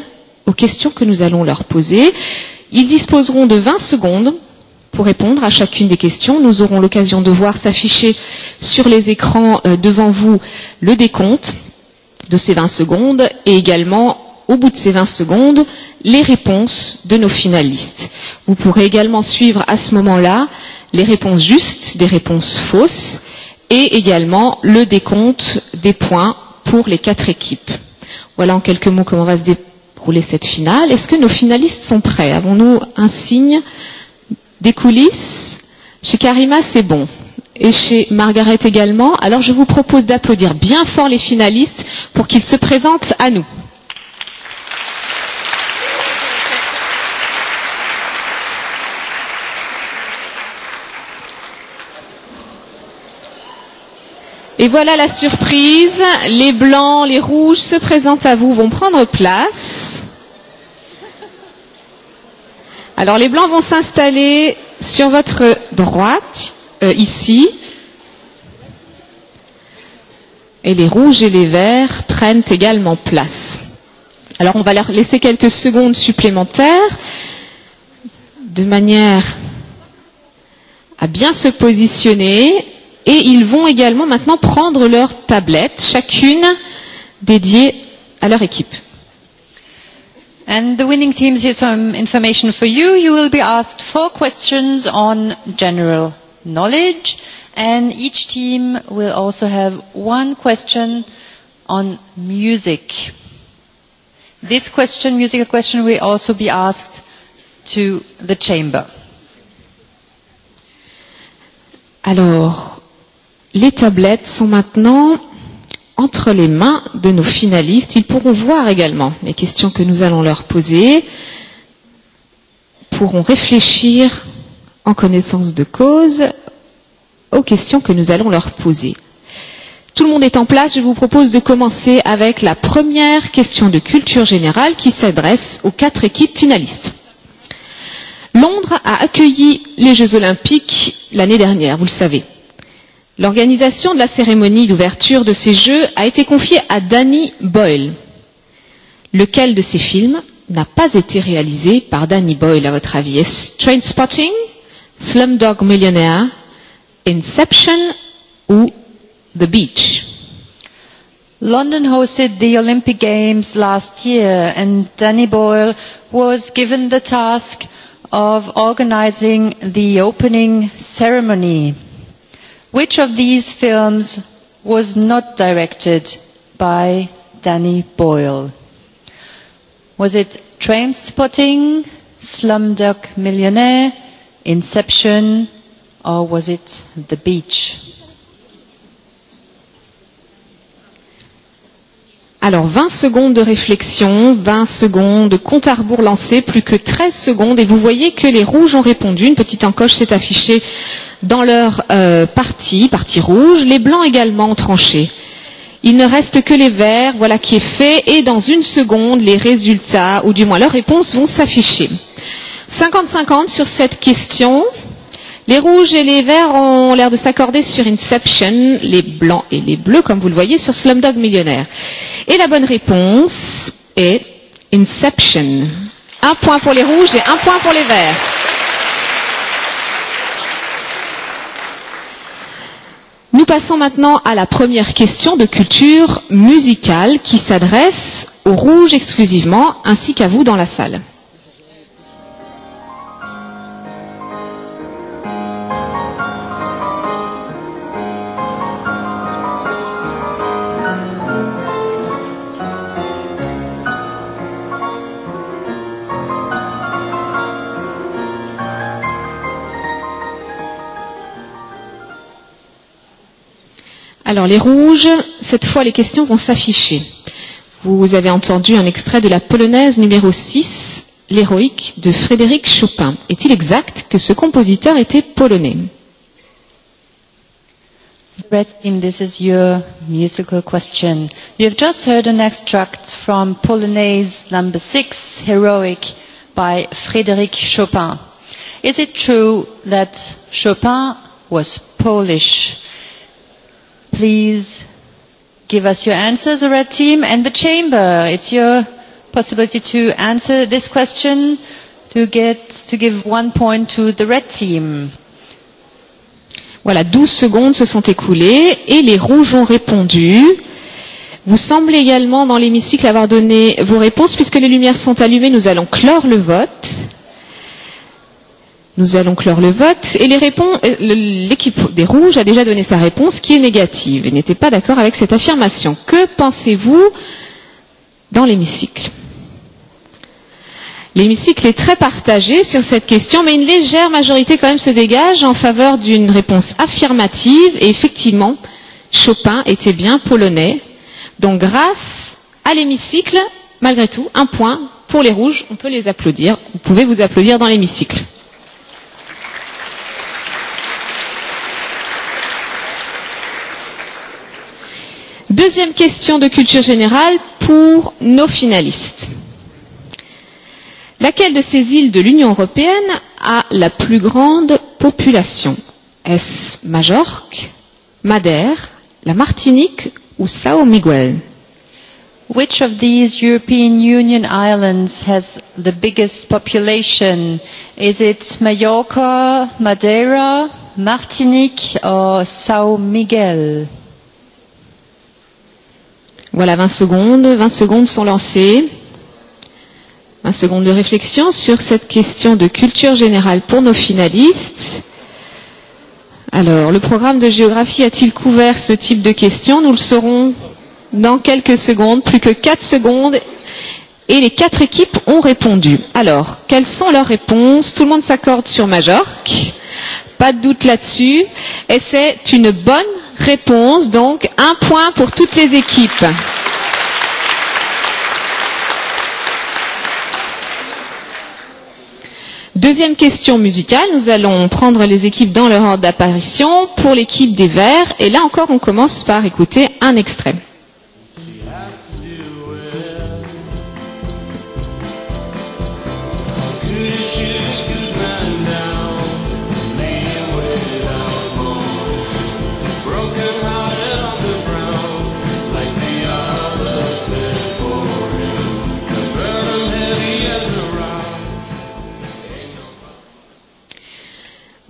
aux questions que nous allons leur poser. Ils disposeront de 20 secondes pour répondre à chacune des questions. Nous aurons l'occasion de voir s'afficher sur les écrans euh, devant vous le décompte de ces 20 secondes et également, au bout de ces 20 secondes, les réponses de nos finalistes. Vous pourrez également suivre à ce moment-là les réponses justes, des réponses fausses et également le décompte des points pour les quatre équipes. Voilà en quelques mots comment va se dérouler Rouler cette finale. Est-ce que nos finalistes sont prêts Avons-nous un signe des coulisses Chez Karima, c'est bon. Et chez Margaret également. Alors je vous propose d'applaudir bien fort les finalistes pour qu'ils se présentent à nous. Et voilà la surprise. Les blancs, les rouges se présentent à vous, vont prendre place. Alors les blancs vont s'installer sur votre droite, euh, ici. Et les rouges et les verts prennent également place. Alors on va leur laisser quelques secondes supplémentaires de manière à bien se positionner et ils vont également maintenant prendre leur tablette, chacune dédiée à leur équipe. And the winning teams, here's some information for you. You will be asked four questions on general knowledge, and each team will also have one question on music. This question, musical question, will also be asked to the chamber. Alors, Les tablettes sont maintenant entre les mains de nos finalistes. Ils pourront voir également les questions que nous allons leur poser, pourront réfléchir en connaissance de cause aux questions que nous allons leur poser. Tout le monde est en place, je vous propose de commencer avec la première question de culture générale qui s'adresse aux quatre équipes finalistes. Londres a accueilli les Jeux Olympiques l'année dernière, vous le savez. L'organisation de la cérémonie d'ouverture de ces Jeux a été confiée à Danny Boyle. Lequel de ces films n'a pas été réalisé par Danny Boyle, à votre avis Est-ce Trainspotting, Slumdog Millionaire, Inception ou The Beach London hosted the Olympic Games last year and Danny Boyle was given the task of organizing the opening ceremony. Which of these films was not directed by Danny Boyle? Was it Trainspotting, Slumdog Millionaire, Inception, or was it The Beach? Alors 20 secondes de réflexion, 20 secondes, compte à rebours lancé, plus que 13 secondes et vous voyez que les rouges ont répondu, une petite encoche s'est affichée dans leur euh, partie, partie rouge, les blancs également ont tranché. Il ne reste que les verts, voilà qui est fait et dans une seconde les résultats ou du moins leurs réponses vont s'afficher. 50-50 sur cette question. Les rouges et les verts ont l'air de s'accorder sur Inception, les blancs et les bleus, comme vous le voyez, sur Slumdog Millionnaire. Et la bonne réponse est Inception. Un point pour les rouges et un point pour les verts. Nous passons maintenant à la première question de culture musicale qui s'adresse aux rouges exclusivement ainsi qu'à vous dans la salle. Alors les rouges, cette fois les questions vont s'afficher. Vous avez entendu un extrait de la polonaise numéro 6, l'héroïque de Frédéric Chopin. Est-il exact que ce compositeur était polonais Red team, this is your musical question. You have just heard an extract from Polonaise number 6, Heroic, by Frédéric Chopin. Is it true that Chopin was Polish? please give us your answers, the red team and the chamber. It's your possibility to answer this question to get to give one point to the red team. Voilà, 12 secondes se sont écoulées et les rouges ont répondu. Vous semblez également dans l'hémicycle avoir donné vos réponses puisque les lumières sont allumées, nous allons clore le vote. Nous allons clore le vote et les euh, l'équipe des rouges a déjà donné sa réponse qui est négative et n'était pas d'accord avec cette affirmation. Que pensez-vous dans l'hémicycle L'hémicycle est très partagé sur cette question, mais une légère majorité quand même se dégage en faveur d'une réponse affirmative. Et effectivement, Chopin était bien polonais. Donc grâce à l'hémicycle, malgré tout, un point pour les rouges. On peut les applaudir. Vous pouvez vous applaudir dans l'hémicycle. Deuxième question de culture générale pour nos finalistes. Laquelle de ces îles de l'Union européenne a la plus grande population Est-ce Majorque, Madère, la Martinique ou Sao Miguel Which of these European Union islands has the biggest population? Is it Mallorca, Madeira, Martinique or Sao Miguel? Voilà, 20 secondes. 20 secondes sont lancées. 20 secondes de réflexion sur cette question de culture générale pour nos finalistes. Alors, le programme de géographie a-t-il couvert ce type de questions Nous le saurons dans quelques secondes, plus que 4 secondes. Et les quatre équipes ont répondu. Alors, quelles sont leurs réponses Tout le monde s'accorde sur Majorque. Pas de doute là-dessus. Et c'est une bonne Réponse Donc, un point pour toutes les équipes. Deuxième question musicale, nous allons prendre les équipes dans leur ordre d'apparition pour l'équipe des Verts. Et là encore, on commence par écouter un extrait.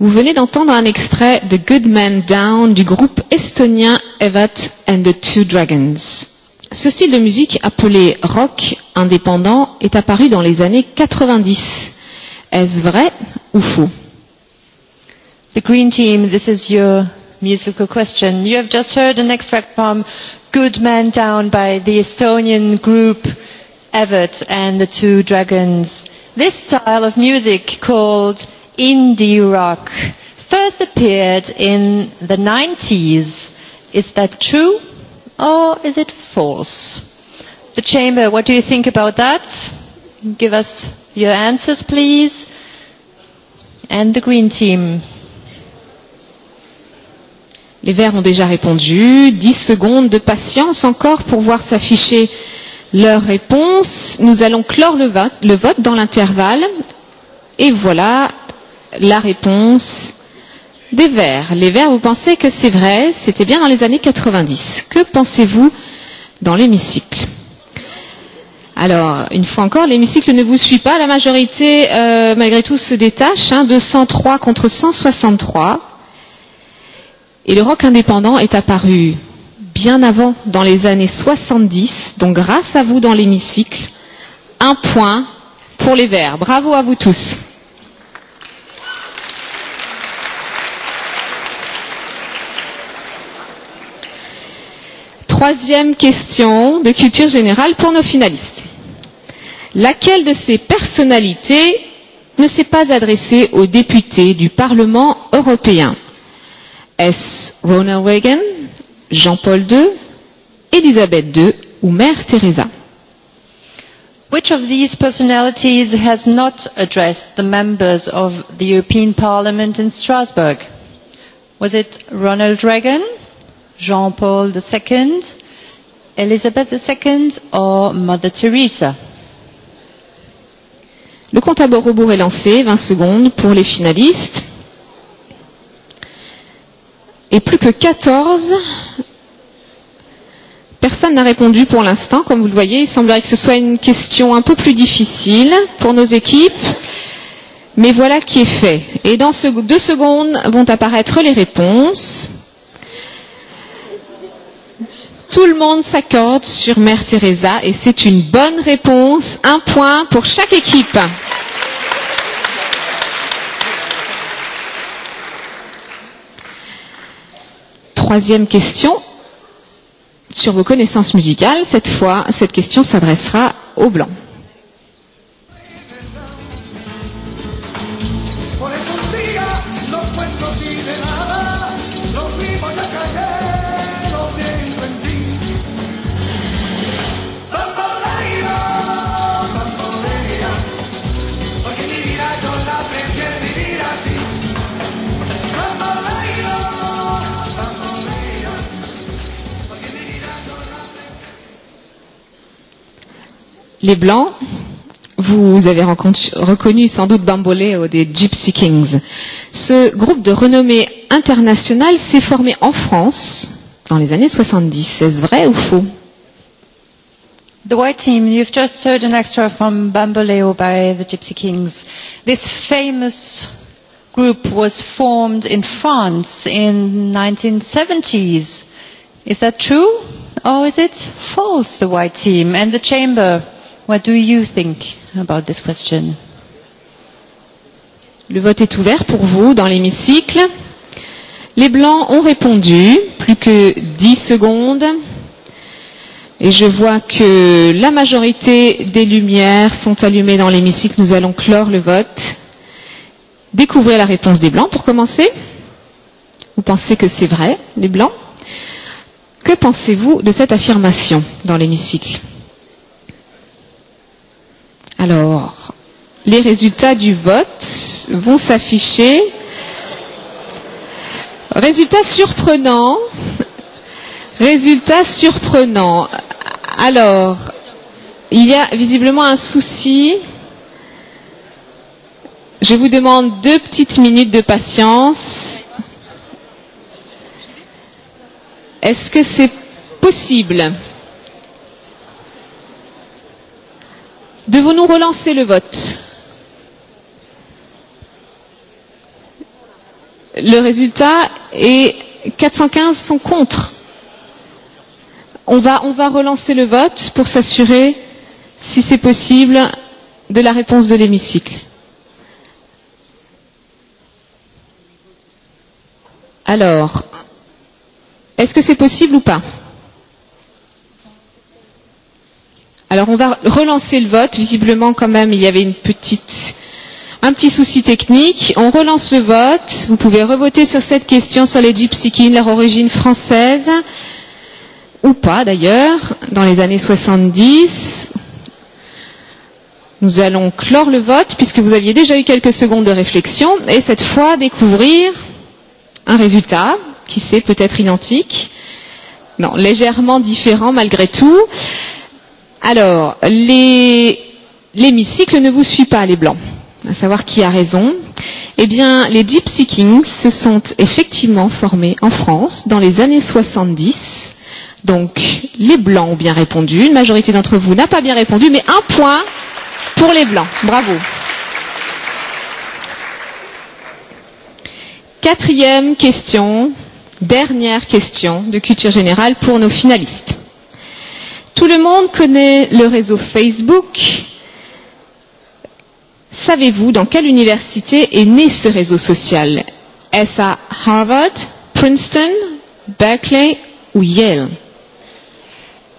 Vous venez d'entendre un extrait de Good Man Down du groupe estonien Evat and the Two Dragons. Ce style de musique appelé rock indépendant est apparu dans les années 90. Est-ce vrai ou faux? The Green Team, this is your musical question. You have just heard an extract from Good Man Down by the Estonian group Evert and the Two Dragons. This style of music called in the rock first appeared in the 90s. Is that true or is it false? The chamber, what do you think about that? Give us your answers, please. And the green team. Les verts ont déjà répondu. 10 secondes de patience encore pour voir s'afficher leur réponse. Nous allons clore le vote, le vote dans l'intervalle. Et voilà, la réponse des Verts. Les Verts, vous pensez que c'est vrai, c'était bien dans les années 90. Que pensez-vous dans l'hémicycle alors, une fois encore, l'hémicycle ne vous suit pas. La majorité, euh, malgré tout, se détache. Hein, 203 contre 163. Et le rock indépendant est apparu bien avant, dans les années 70. Donc, grâce à vous dans l'hémicycle, un point pour les Verts. Bravo à vous tous. troisième question de culture générale pour nos finalistes. Laquelle de ces personnalités ne s'est pas adressée aux députés du Parlement européen Est-ce Ronald Reagan, Jean-Paul II, Elisabeth II ou Mère Teresa Which of these personalities has not addressed the members of the European Parliament in Strasbourg Was it Ronald Reagan Jean Paul II, Elizabeth II or Mother Teresa? Le compte à bord rebours est lancé, 20 secondes pour les finalistes. Et plus que 14. Personne n'a répondu pour l'instant, comme vous le voyez. Il semblerait que ce soit une question un peu plus difficile pour nos équipes. Mais voilà qui est fait. Et dans ce, deux secondes vont apparaître les réponses. Tout le monde s'accorde sur Mère Teresa et c'est une bonne réponse. Un point pour chaque équipe. Troisième question sur vos connaissances musicales. Cette fois, cette question s'adressera aux Blancs. Les Blancs, vous avez reconnu sans doute Bamboleo des Gypsy Kings. Ce groupe de renommée internationale s'est formé en France dans les années 70. Est-ce vrai ou faux The White Team, you've just heard an extra from Bamboleo by the Gypsy Kings. This famous group was formed in France in 1970s. Is that true or is it false, the White Team and the Chamber? What do you think about this question? Le vote est ouvert pour vous dans l'hémicycle. Les blancs ont répondu, plus que 10 secondes. Et je vois que la majorité des lumières sont allumées dans l'hémicycle. Nous allons clore le vote. Découvrez la réponse des blancs pour commencer. Vous pensez que c'est vrai, les blancs Que pensez-vous de cette affirmation dans l'hémicycle Alors, les résultats du vote vont s'afficher. Résultat surprenant. Résultat surprenant. Alors, il y a visiblement un souci. Je vous demande deux petites minutes de patience. Est-ce que c'est possible? Devons-nous relancer le vote Le résultat est 415 sont contre. On va, on va relancer le vote pour s'assurer, si c'est possible, de la réponse de l'hémicycle. Alors, est-ce que c'est possible ou pas Alors on va relancer le vote. Visiblement quand même il y avait une petite, un petit souci technique. On relance le vote. Vous pouvez revoter sur cette question sur les Gypsy Kings, leur origine française ou pas d'ailleurs, dans les années 70. Nous allons clore le vote puisque vous aviez déjà eu quelques secondes de réflexion et cette fois découvrir un résultat qui sait peut-être identique. Non, légèrement différent malgré tout. Alors, l'hémicycle ne vous suit pas, les blancs, à savoir qui a raison. Eh bien, les Gypsy Kings se sont effectivement formés en France dans les années 70. Donc, les blancs ont bien répondu. Une majorité d'entre vous n'a pas bien répondu, mais un point pour les blancs. Bravo. Quatrième question, dernière question de culture générale pour nos finalistes. Tout le monde connaît le réseau Facebook. Savez-vous dans quelle université est né ce réseau social Est-ce à Harvard, Princeton, Berkeley ou Yale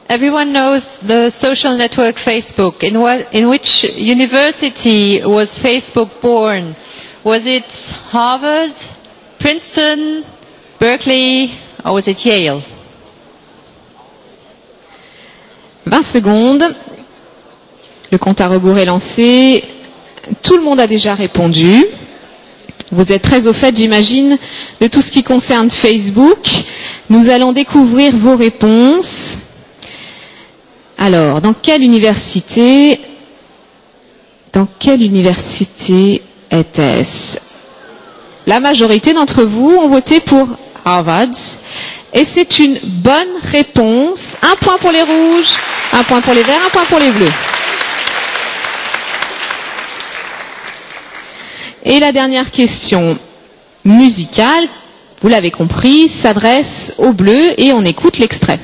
Everyone knows the social network Facebook. In, what, in which university was Facebook born? Was it Harvard, Princeton, Berkeley or was it Yale? 20 secondes. Le compte à rebours est lancé. Tout le monde a déjà répondu. Vous êtes très au fait, j'imagine, de tout ce qui concerne Facebook. Nous allons découvrir vos réponses. Alors, dans quelle université dans quelle université était-ce La majorité d'entre vous ont voté pour Harvard. Et c'est une bonne réponse. Un point pour les rouges, un point pour les verts, un point pour les bleus. Et la dernière question musicale, vous l'avez compris, s'adresse aux bleus et on écoute l'extrait.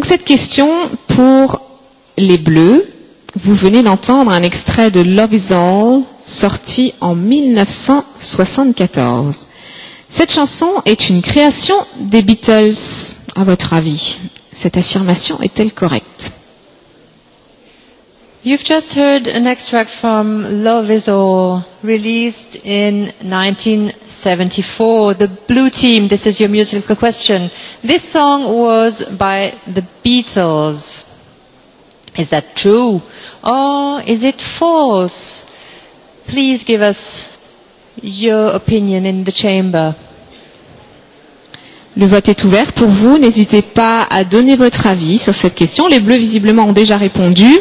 Donc cette question pour les Bleus, vous venez d'entendre un extrait de Love is All sorti en 1974. Cette chanson est une création des Beatles, à votre avis. Cette affirmation est-elle correcte You've just heard an extract from Love is All, released in 1974. The Blue Team, this is your musical question. This song was by the Beatles. Is that true or is it false? Please give us your opinion in the chamber. Le vote est ouvert pour vous. N'hésitez pas à donner votre avis sur cette question. Les bleus, visiblement, ont déjà répondu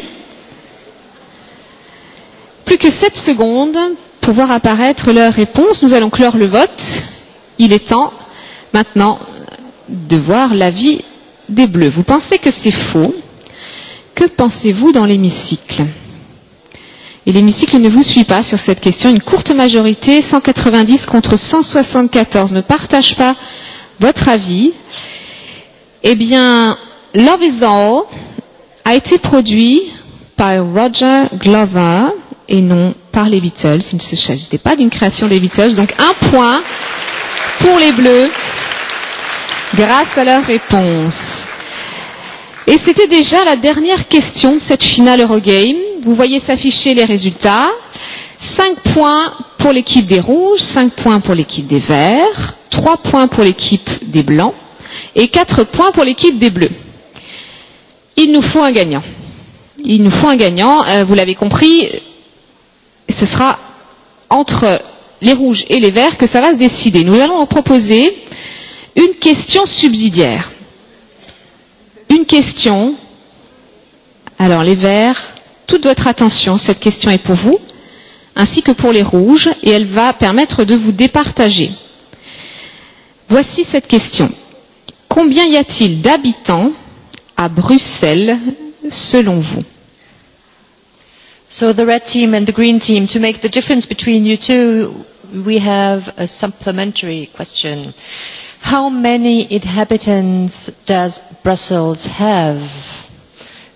plus que 7 secondes pour voir apparaître leur réponse. Nous allons clore le vote. Il est temps maintenant de voir l'avis des Bleus. Vous pensez que c'est faux Que pensez-vous dans l'hémicycle Et l'hémicycle ne vous suit pas sur cette question. Une courte majorité, 190 contre 174, ne partage pas votre avis. Eh bien, Love is All a été produit par Roger Glover et non par les Beatles. Il ne s'agissait pas d'une création des Beatles. Donc un point pour les Bleus grâce à leur réponse. Et c'était déjà la dernière question de cette finale Eurogame. Vous voyez s'afficher les résultats. 5 points pour l'équipe des Rouges, 5 points pour l'équipe des Verts, 3 points pour l'équipe des Blancs et 4 points pour l'équipe des Bleus. Il nous faut un gagnant. Il nous faut un gagnant. Euh, vous l'avez compris, ce sera entre les rouges et les verts que ça va se décider. Nous allons en proposer une question subsidiaire. Une question. Alors les verts, toute votre attention, cette question est pour vous, ainsi que pour les rouges, et elle va permettre de vous départager. Voici cette question. Combien y a-t-il d'habitants à Bruxelles selon vous So the red team and the green team, to make the difference between you two, we have a supplementary question. How many inhabitants does Brussels have?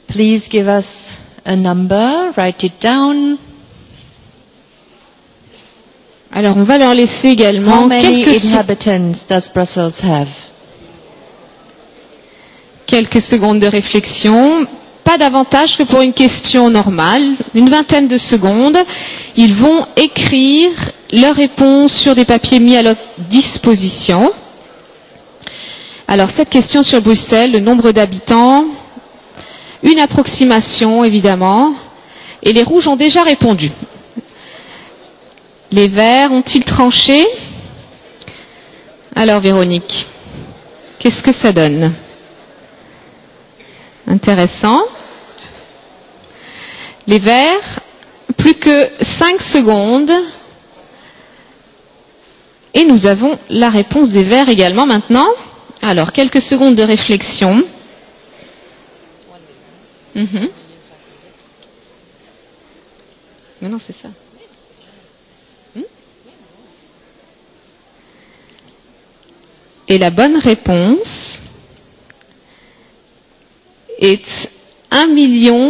Please give us a number, write it down. Alors on va leur laisser également How many quelques inhabitants does Brussels have? Quelques secondes de réflexion pas davantage que pour une question normale, une vingtaine de secondes. Ils vont écrire leurs réponses sur des papiers mis à leur disposition. Alors, cette question sur Bruxelles, le nombre d'habitants, une approximation, évidemment. Et les rouges ont déjà répondu. Les verts ont-ils tranché Alors, Véronique, qu'est-ce que ça donne Intéressant. Les verts, plus que 5 secondes. Et nous avons la réponse des verts également maintenant. Alors, quelques secondes de réflexion. Mmh. Mais non, c'est ça. Hmm? Et la bonne réponse est 1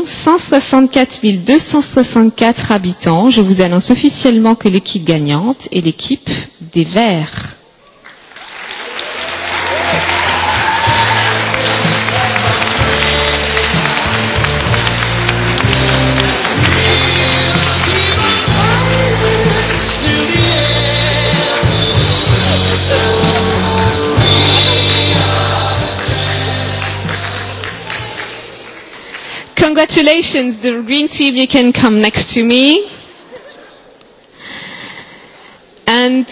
164 264 habitants. Je vous annonce officiellement que l'équipe gagnante est l'équipe des Verts. Congratulations, the green team, you can come next to me. And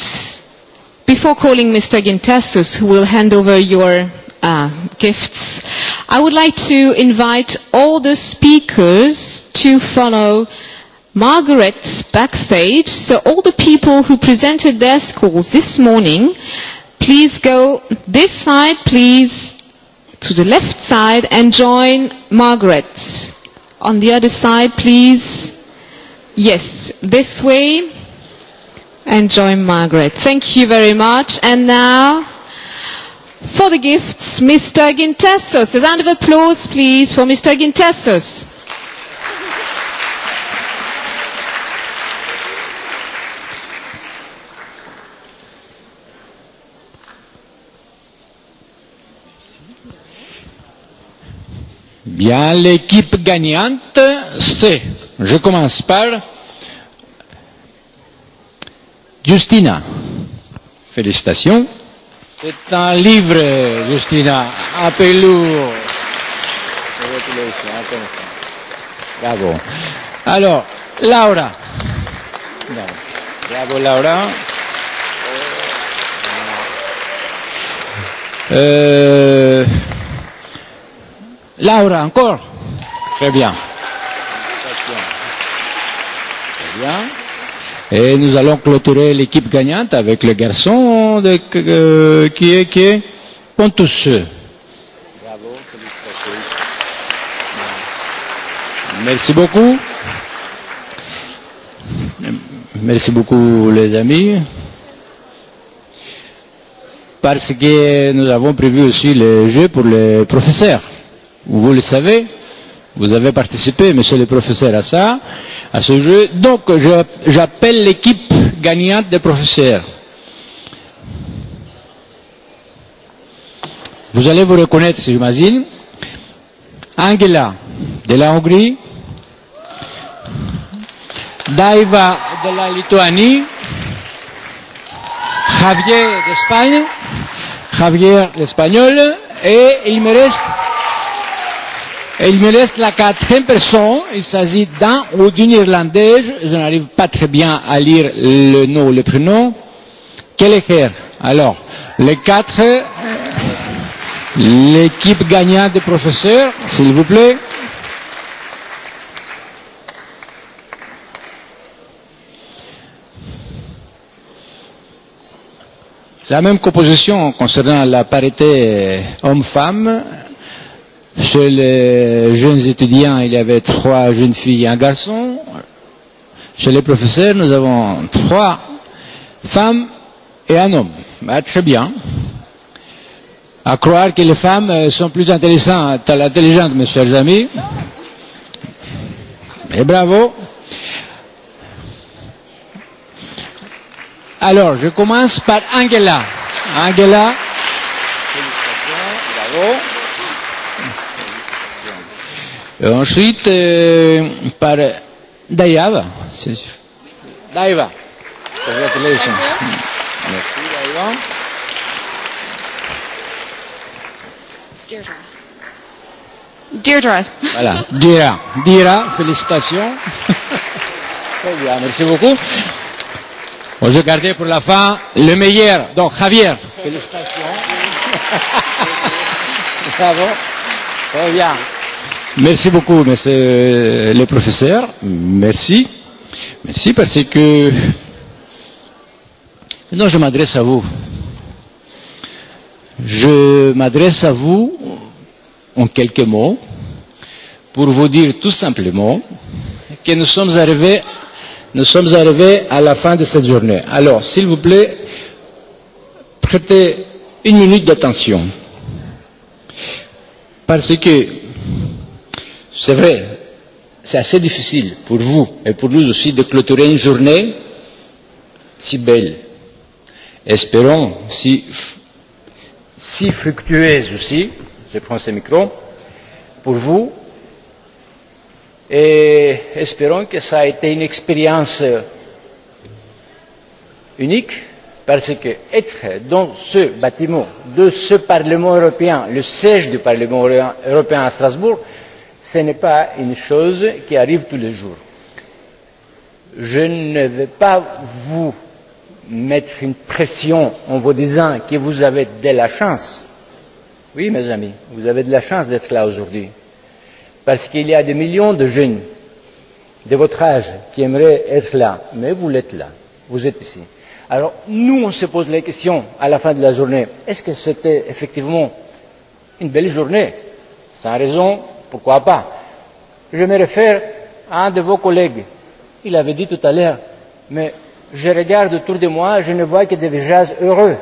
before calling Mr. Gintasus, who will hand over your uh, gifts, I would like to invite all the speakers to follow Margaret's backstage. So all the people who presented their schools this morning, please go this side, please, to the left side and join Margaret on the other side, please. Yes, this way. And join Margaret. Thank you very much. And now, for the gifts, Mr. Gintessos. A round of applause, please, for Mr. Gintessos. Bien, l'équipe gagnante, c'est, je commence par Justina. Félicitations. C'est un livre, Justina. Appelez-le. Bravo. Alors, Laura. Bravo, Laura. Euh, Laura, encore Très bien. Très bien. Et nous allons clôturer l'équipe gagnante avec le garçon de, euh, qui est, qui est Pontus. Bravo, Merci beaucoup. Merci beaucoup les amis. Parce que nous avons prévu aussi les jeux pour les professeurs. Vous le savez, vous avez participé, monsieur le professeur, à ça, à ce jeu. Donc, j'appelle l'équipe gagnante des professeurs. Vous allez vous reconnaître, j'imagine. Angela, de la Hongrie. Daiva, de la Lituanie. Javier, d'Espagne. Javier, l'espagnol. Et il me reste il me laisse la quatrième personne. Il s'agit d'un ou d'une Irlandaise. Je n'arrive pas très bien à lire le nom ou le prénom. Quel Alors, les quatre, l'équipe gagnante des professeurs, s'il vous plaît. La même composition concernant la parité homme-femme Chez les jeunes étudiants, il y avait trois jeunes filles et un garçon. Chez les professeurs, nous avons trois femmes et un homme. Bah, très bien. À croire que les femmes euh, sont plus intéressantes, intelligentes, mes chers amis. Et bravo. Alors, je commence par Angela. Angela. Félicitations, bravo. Et ensuite, euh, par Dayava. Daiva. Congratulations. Merci, Daiva. Deirdre. Voilà. Dira. Dira, félicitations. Très bien, merci beaucoup. Bon, je gardais pour la fin le meilleur. Donc, Javier. Félicitations. Bravo. Très bien. Merci beaucoup, monsieur le professeur. Merci. Merci parce que... non je m'adresse à vous. Je m'adresse à vous en quelques mots pour vous dire tout simplement que nous sommes arrivés, nous sommes arrivés à la fin de cette journée. Alors, s'il vous plaît, prêtez une minute d'attention. Parce que C'est vrai, c'est assez difficile pour vous et pour nous aussi de clôturer une journée si belle. Espérons, si, si fructueuse aussi, je prends ce micro, pour vous. Et espérons que ça a été une expérience unique parce que être dans ce bâtiment de ce Parlement européen, le siège du Parlement européen à Strasbourg, ce n'est pas une chose qui arrive tous les jours. je ne veux pas vous mettre une pression en vous disant que vous avez de la chance. oui mes amis vous avez de la chance d'être là aujourd'hui parce qu'il y a des millions de jeunes de votre âge qui aimeraient être là mais vous l'êtes là vous êtes ici. alors nous on se pose la question à la fin de la journée est ce que c'était effectivement une belle journée? sans raison pourquoi pas? je me réfère à un de vos collègues il avait dit tout à l'heure mais je regarde autour de moi je ne vois que des visages heureux.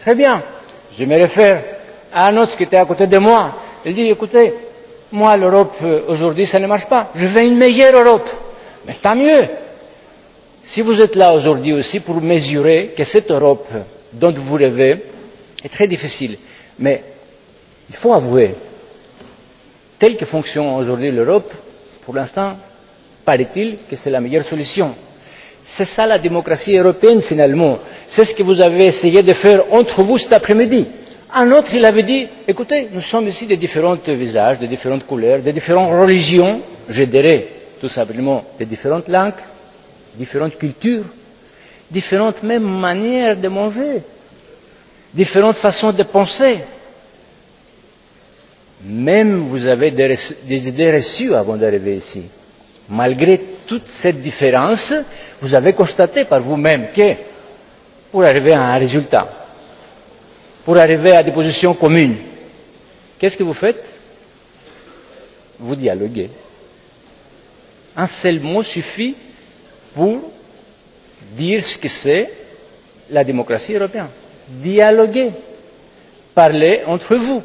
très bien. je me réfère à un autre qui était à côté de moi il dit écoutez moi l'europe euh, aujourd'hui ça ne marche pas je veux une meilleure europe. mais tant mieux. si vous êtes là aujourd'hui aussi pour mesurer que cette europe dont vous rêvez est très difficile mais il faut avouer telle que fonctionne aujourd'hui l'europe pour l'instant paraît il que c'est la meilleure solution. c'est cela la démocratie européenne finalement c'est ce que vous avez essayé de faire entre vous cet après midi. un autre il avait dit écoutez nous sommes ici de différents visages de différentes couleurs de différentes religions je dirais tout simplement de différentes langues différentes cultures différentes mêmes manières de manger différentes façons de penser même vous avez des, idées reçues avant d'arriver ici. Malgré toute cette différence, vous avez constaté par vous-même que pour arriver à un résultat, pour arriver à des positions communes, qu'est-ce que vous faites Vous dialoguez. Un seul mot suffit pour dire ce que c'est la démocratie européenne. Dialoguer. Parler entre vous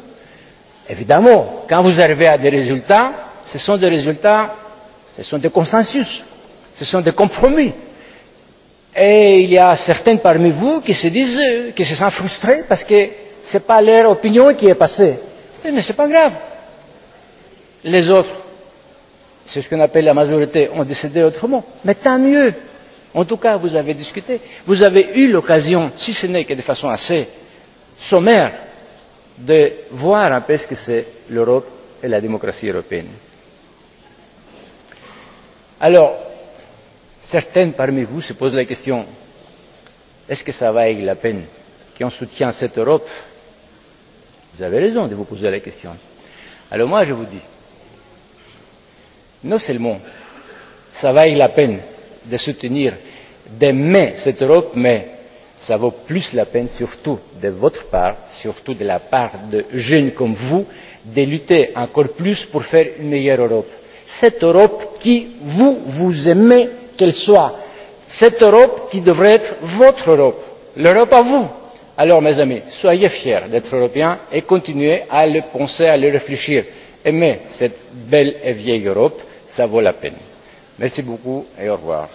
Évidemment, quand vous arrivez à des résultats, ce sont des résultats, ce sont des consensus, ce sont des compromis. Et il y a certaines parmi vous qui se disent, qui se sentent frustrés parce que ce n'est pas leur opinion qui est passée. mais ce n'est pas grave. Les autres, c'est ce qu'on appelle la majorité, ont décidé autrement. Mais tant mieux. En tout cas, vous avez discuté. Vous avez eu l'occasion, si ce n'est que de façon assez sommaire, de voir un peu ce que c'est l'Europe et la démocratie européenne. Alors, certaines parmi vous se posent la question est-ce que ça vaille la peine qu'on soutienne cette Europe Vous avez raison de vous poser la question. Alors moi, je vous dis, non seulement ça vaille la peine de soutenir, d'aimer cette Europe, mais cela vaut plus la peine surtout de votre part surtout de la part de jeunes comme vous de lutter encore plus pour faire une meilleure europe cette europe que vous vous aimez qu'elle soit cette europe qui devrait être votre europe l'europe à vous. alors mes amis soyez fiers d'être européens et continuez à le penser à le réfléchir. aimez cette belle et vieille europe cela vaut la peine. merci beaucoup et au revoir.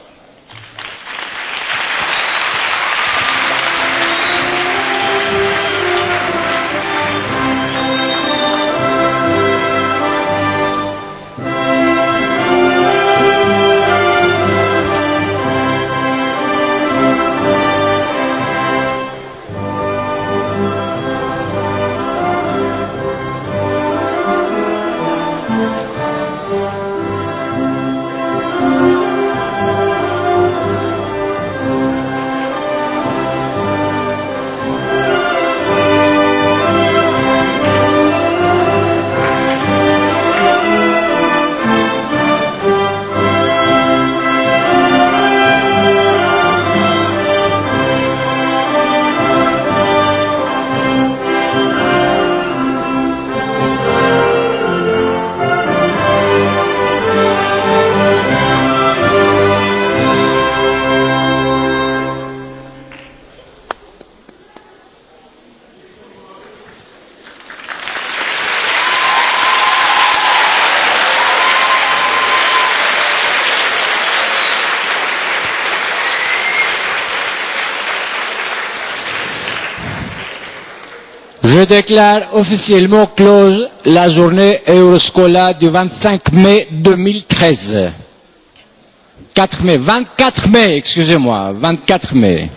déclare officiellement close la journée Euroscola du 25 mai 2013. 4 mai, 24 mai, excusez-moi, 24 mai.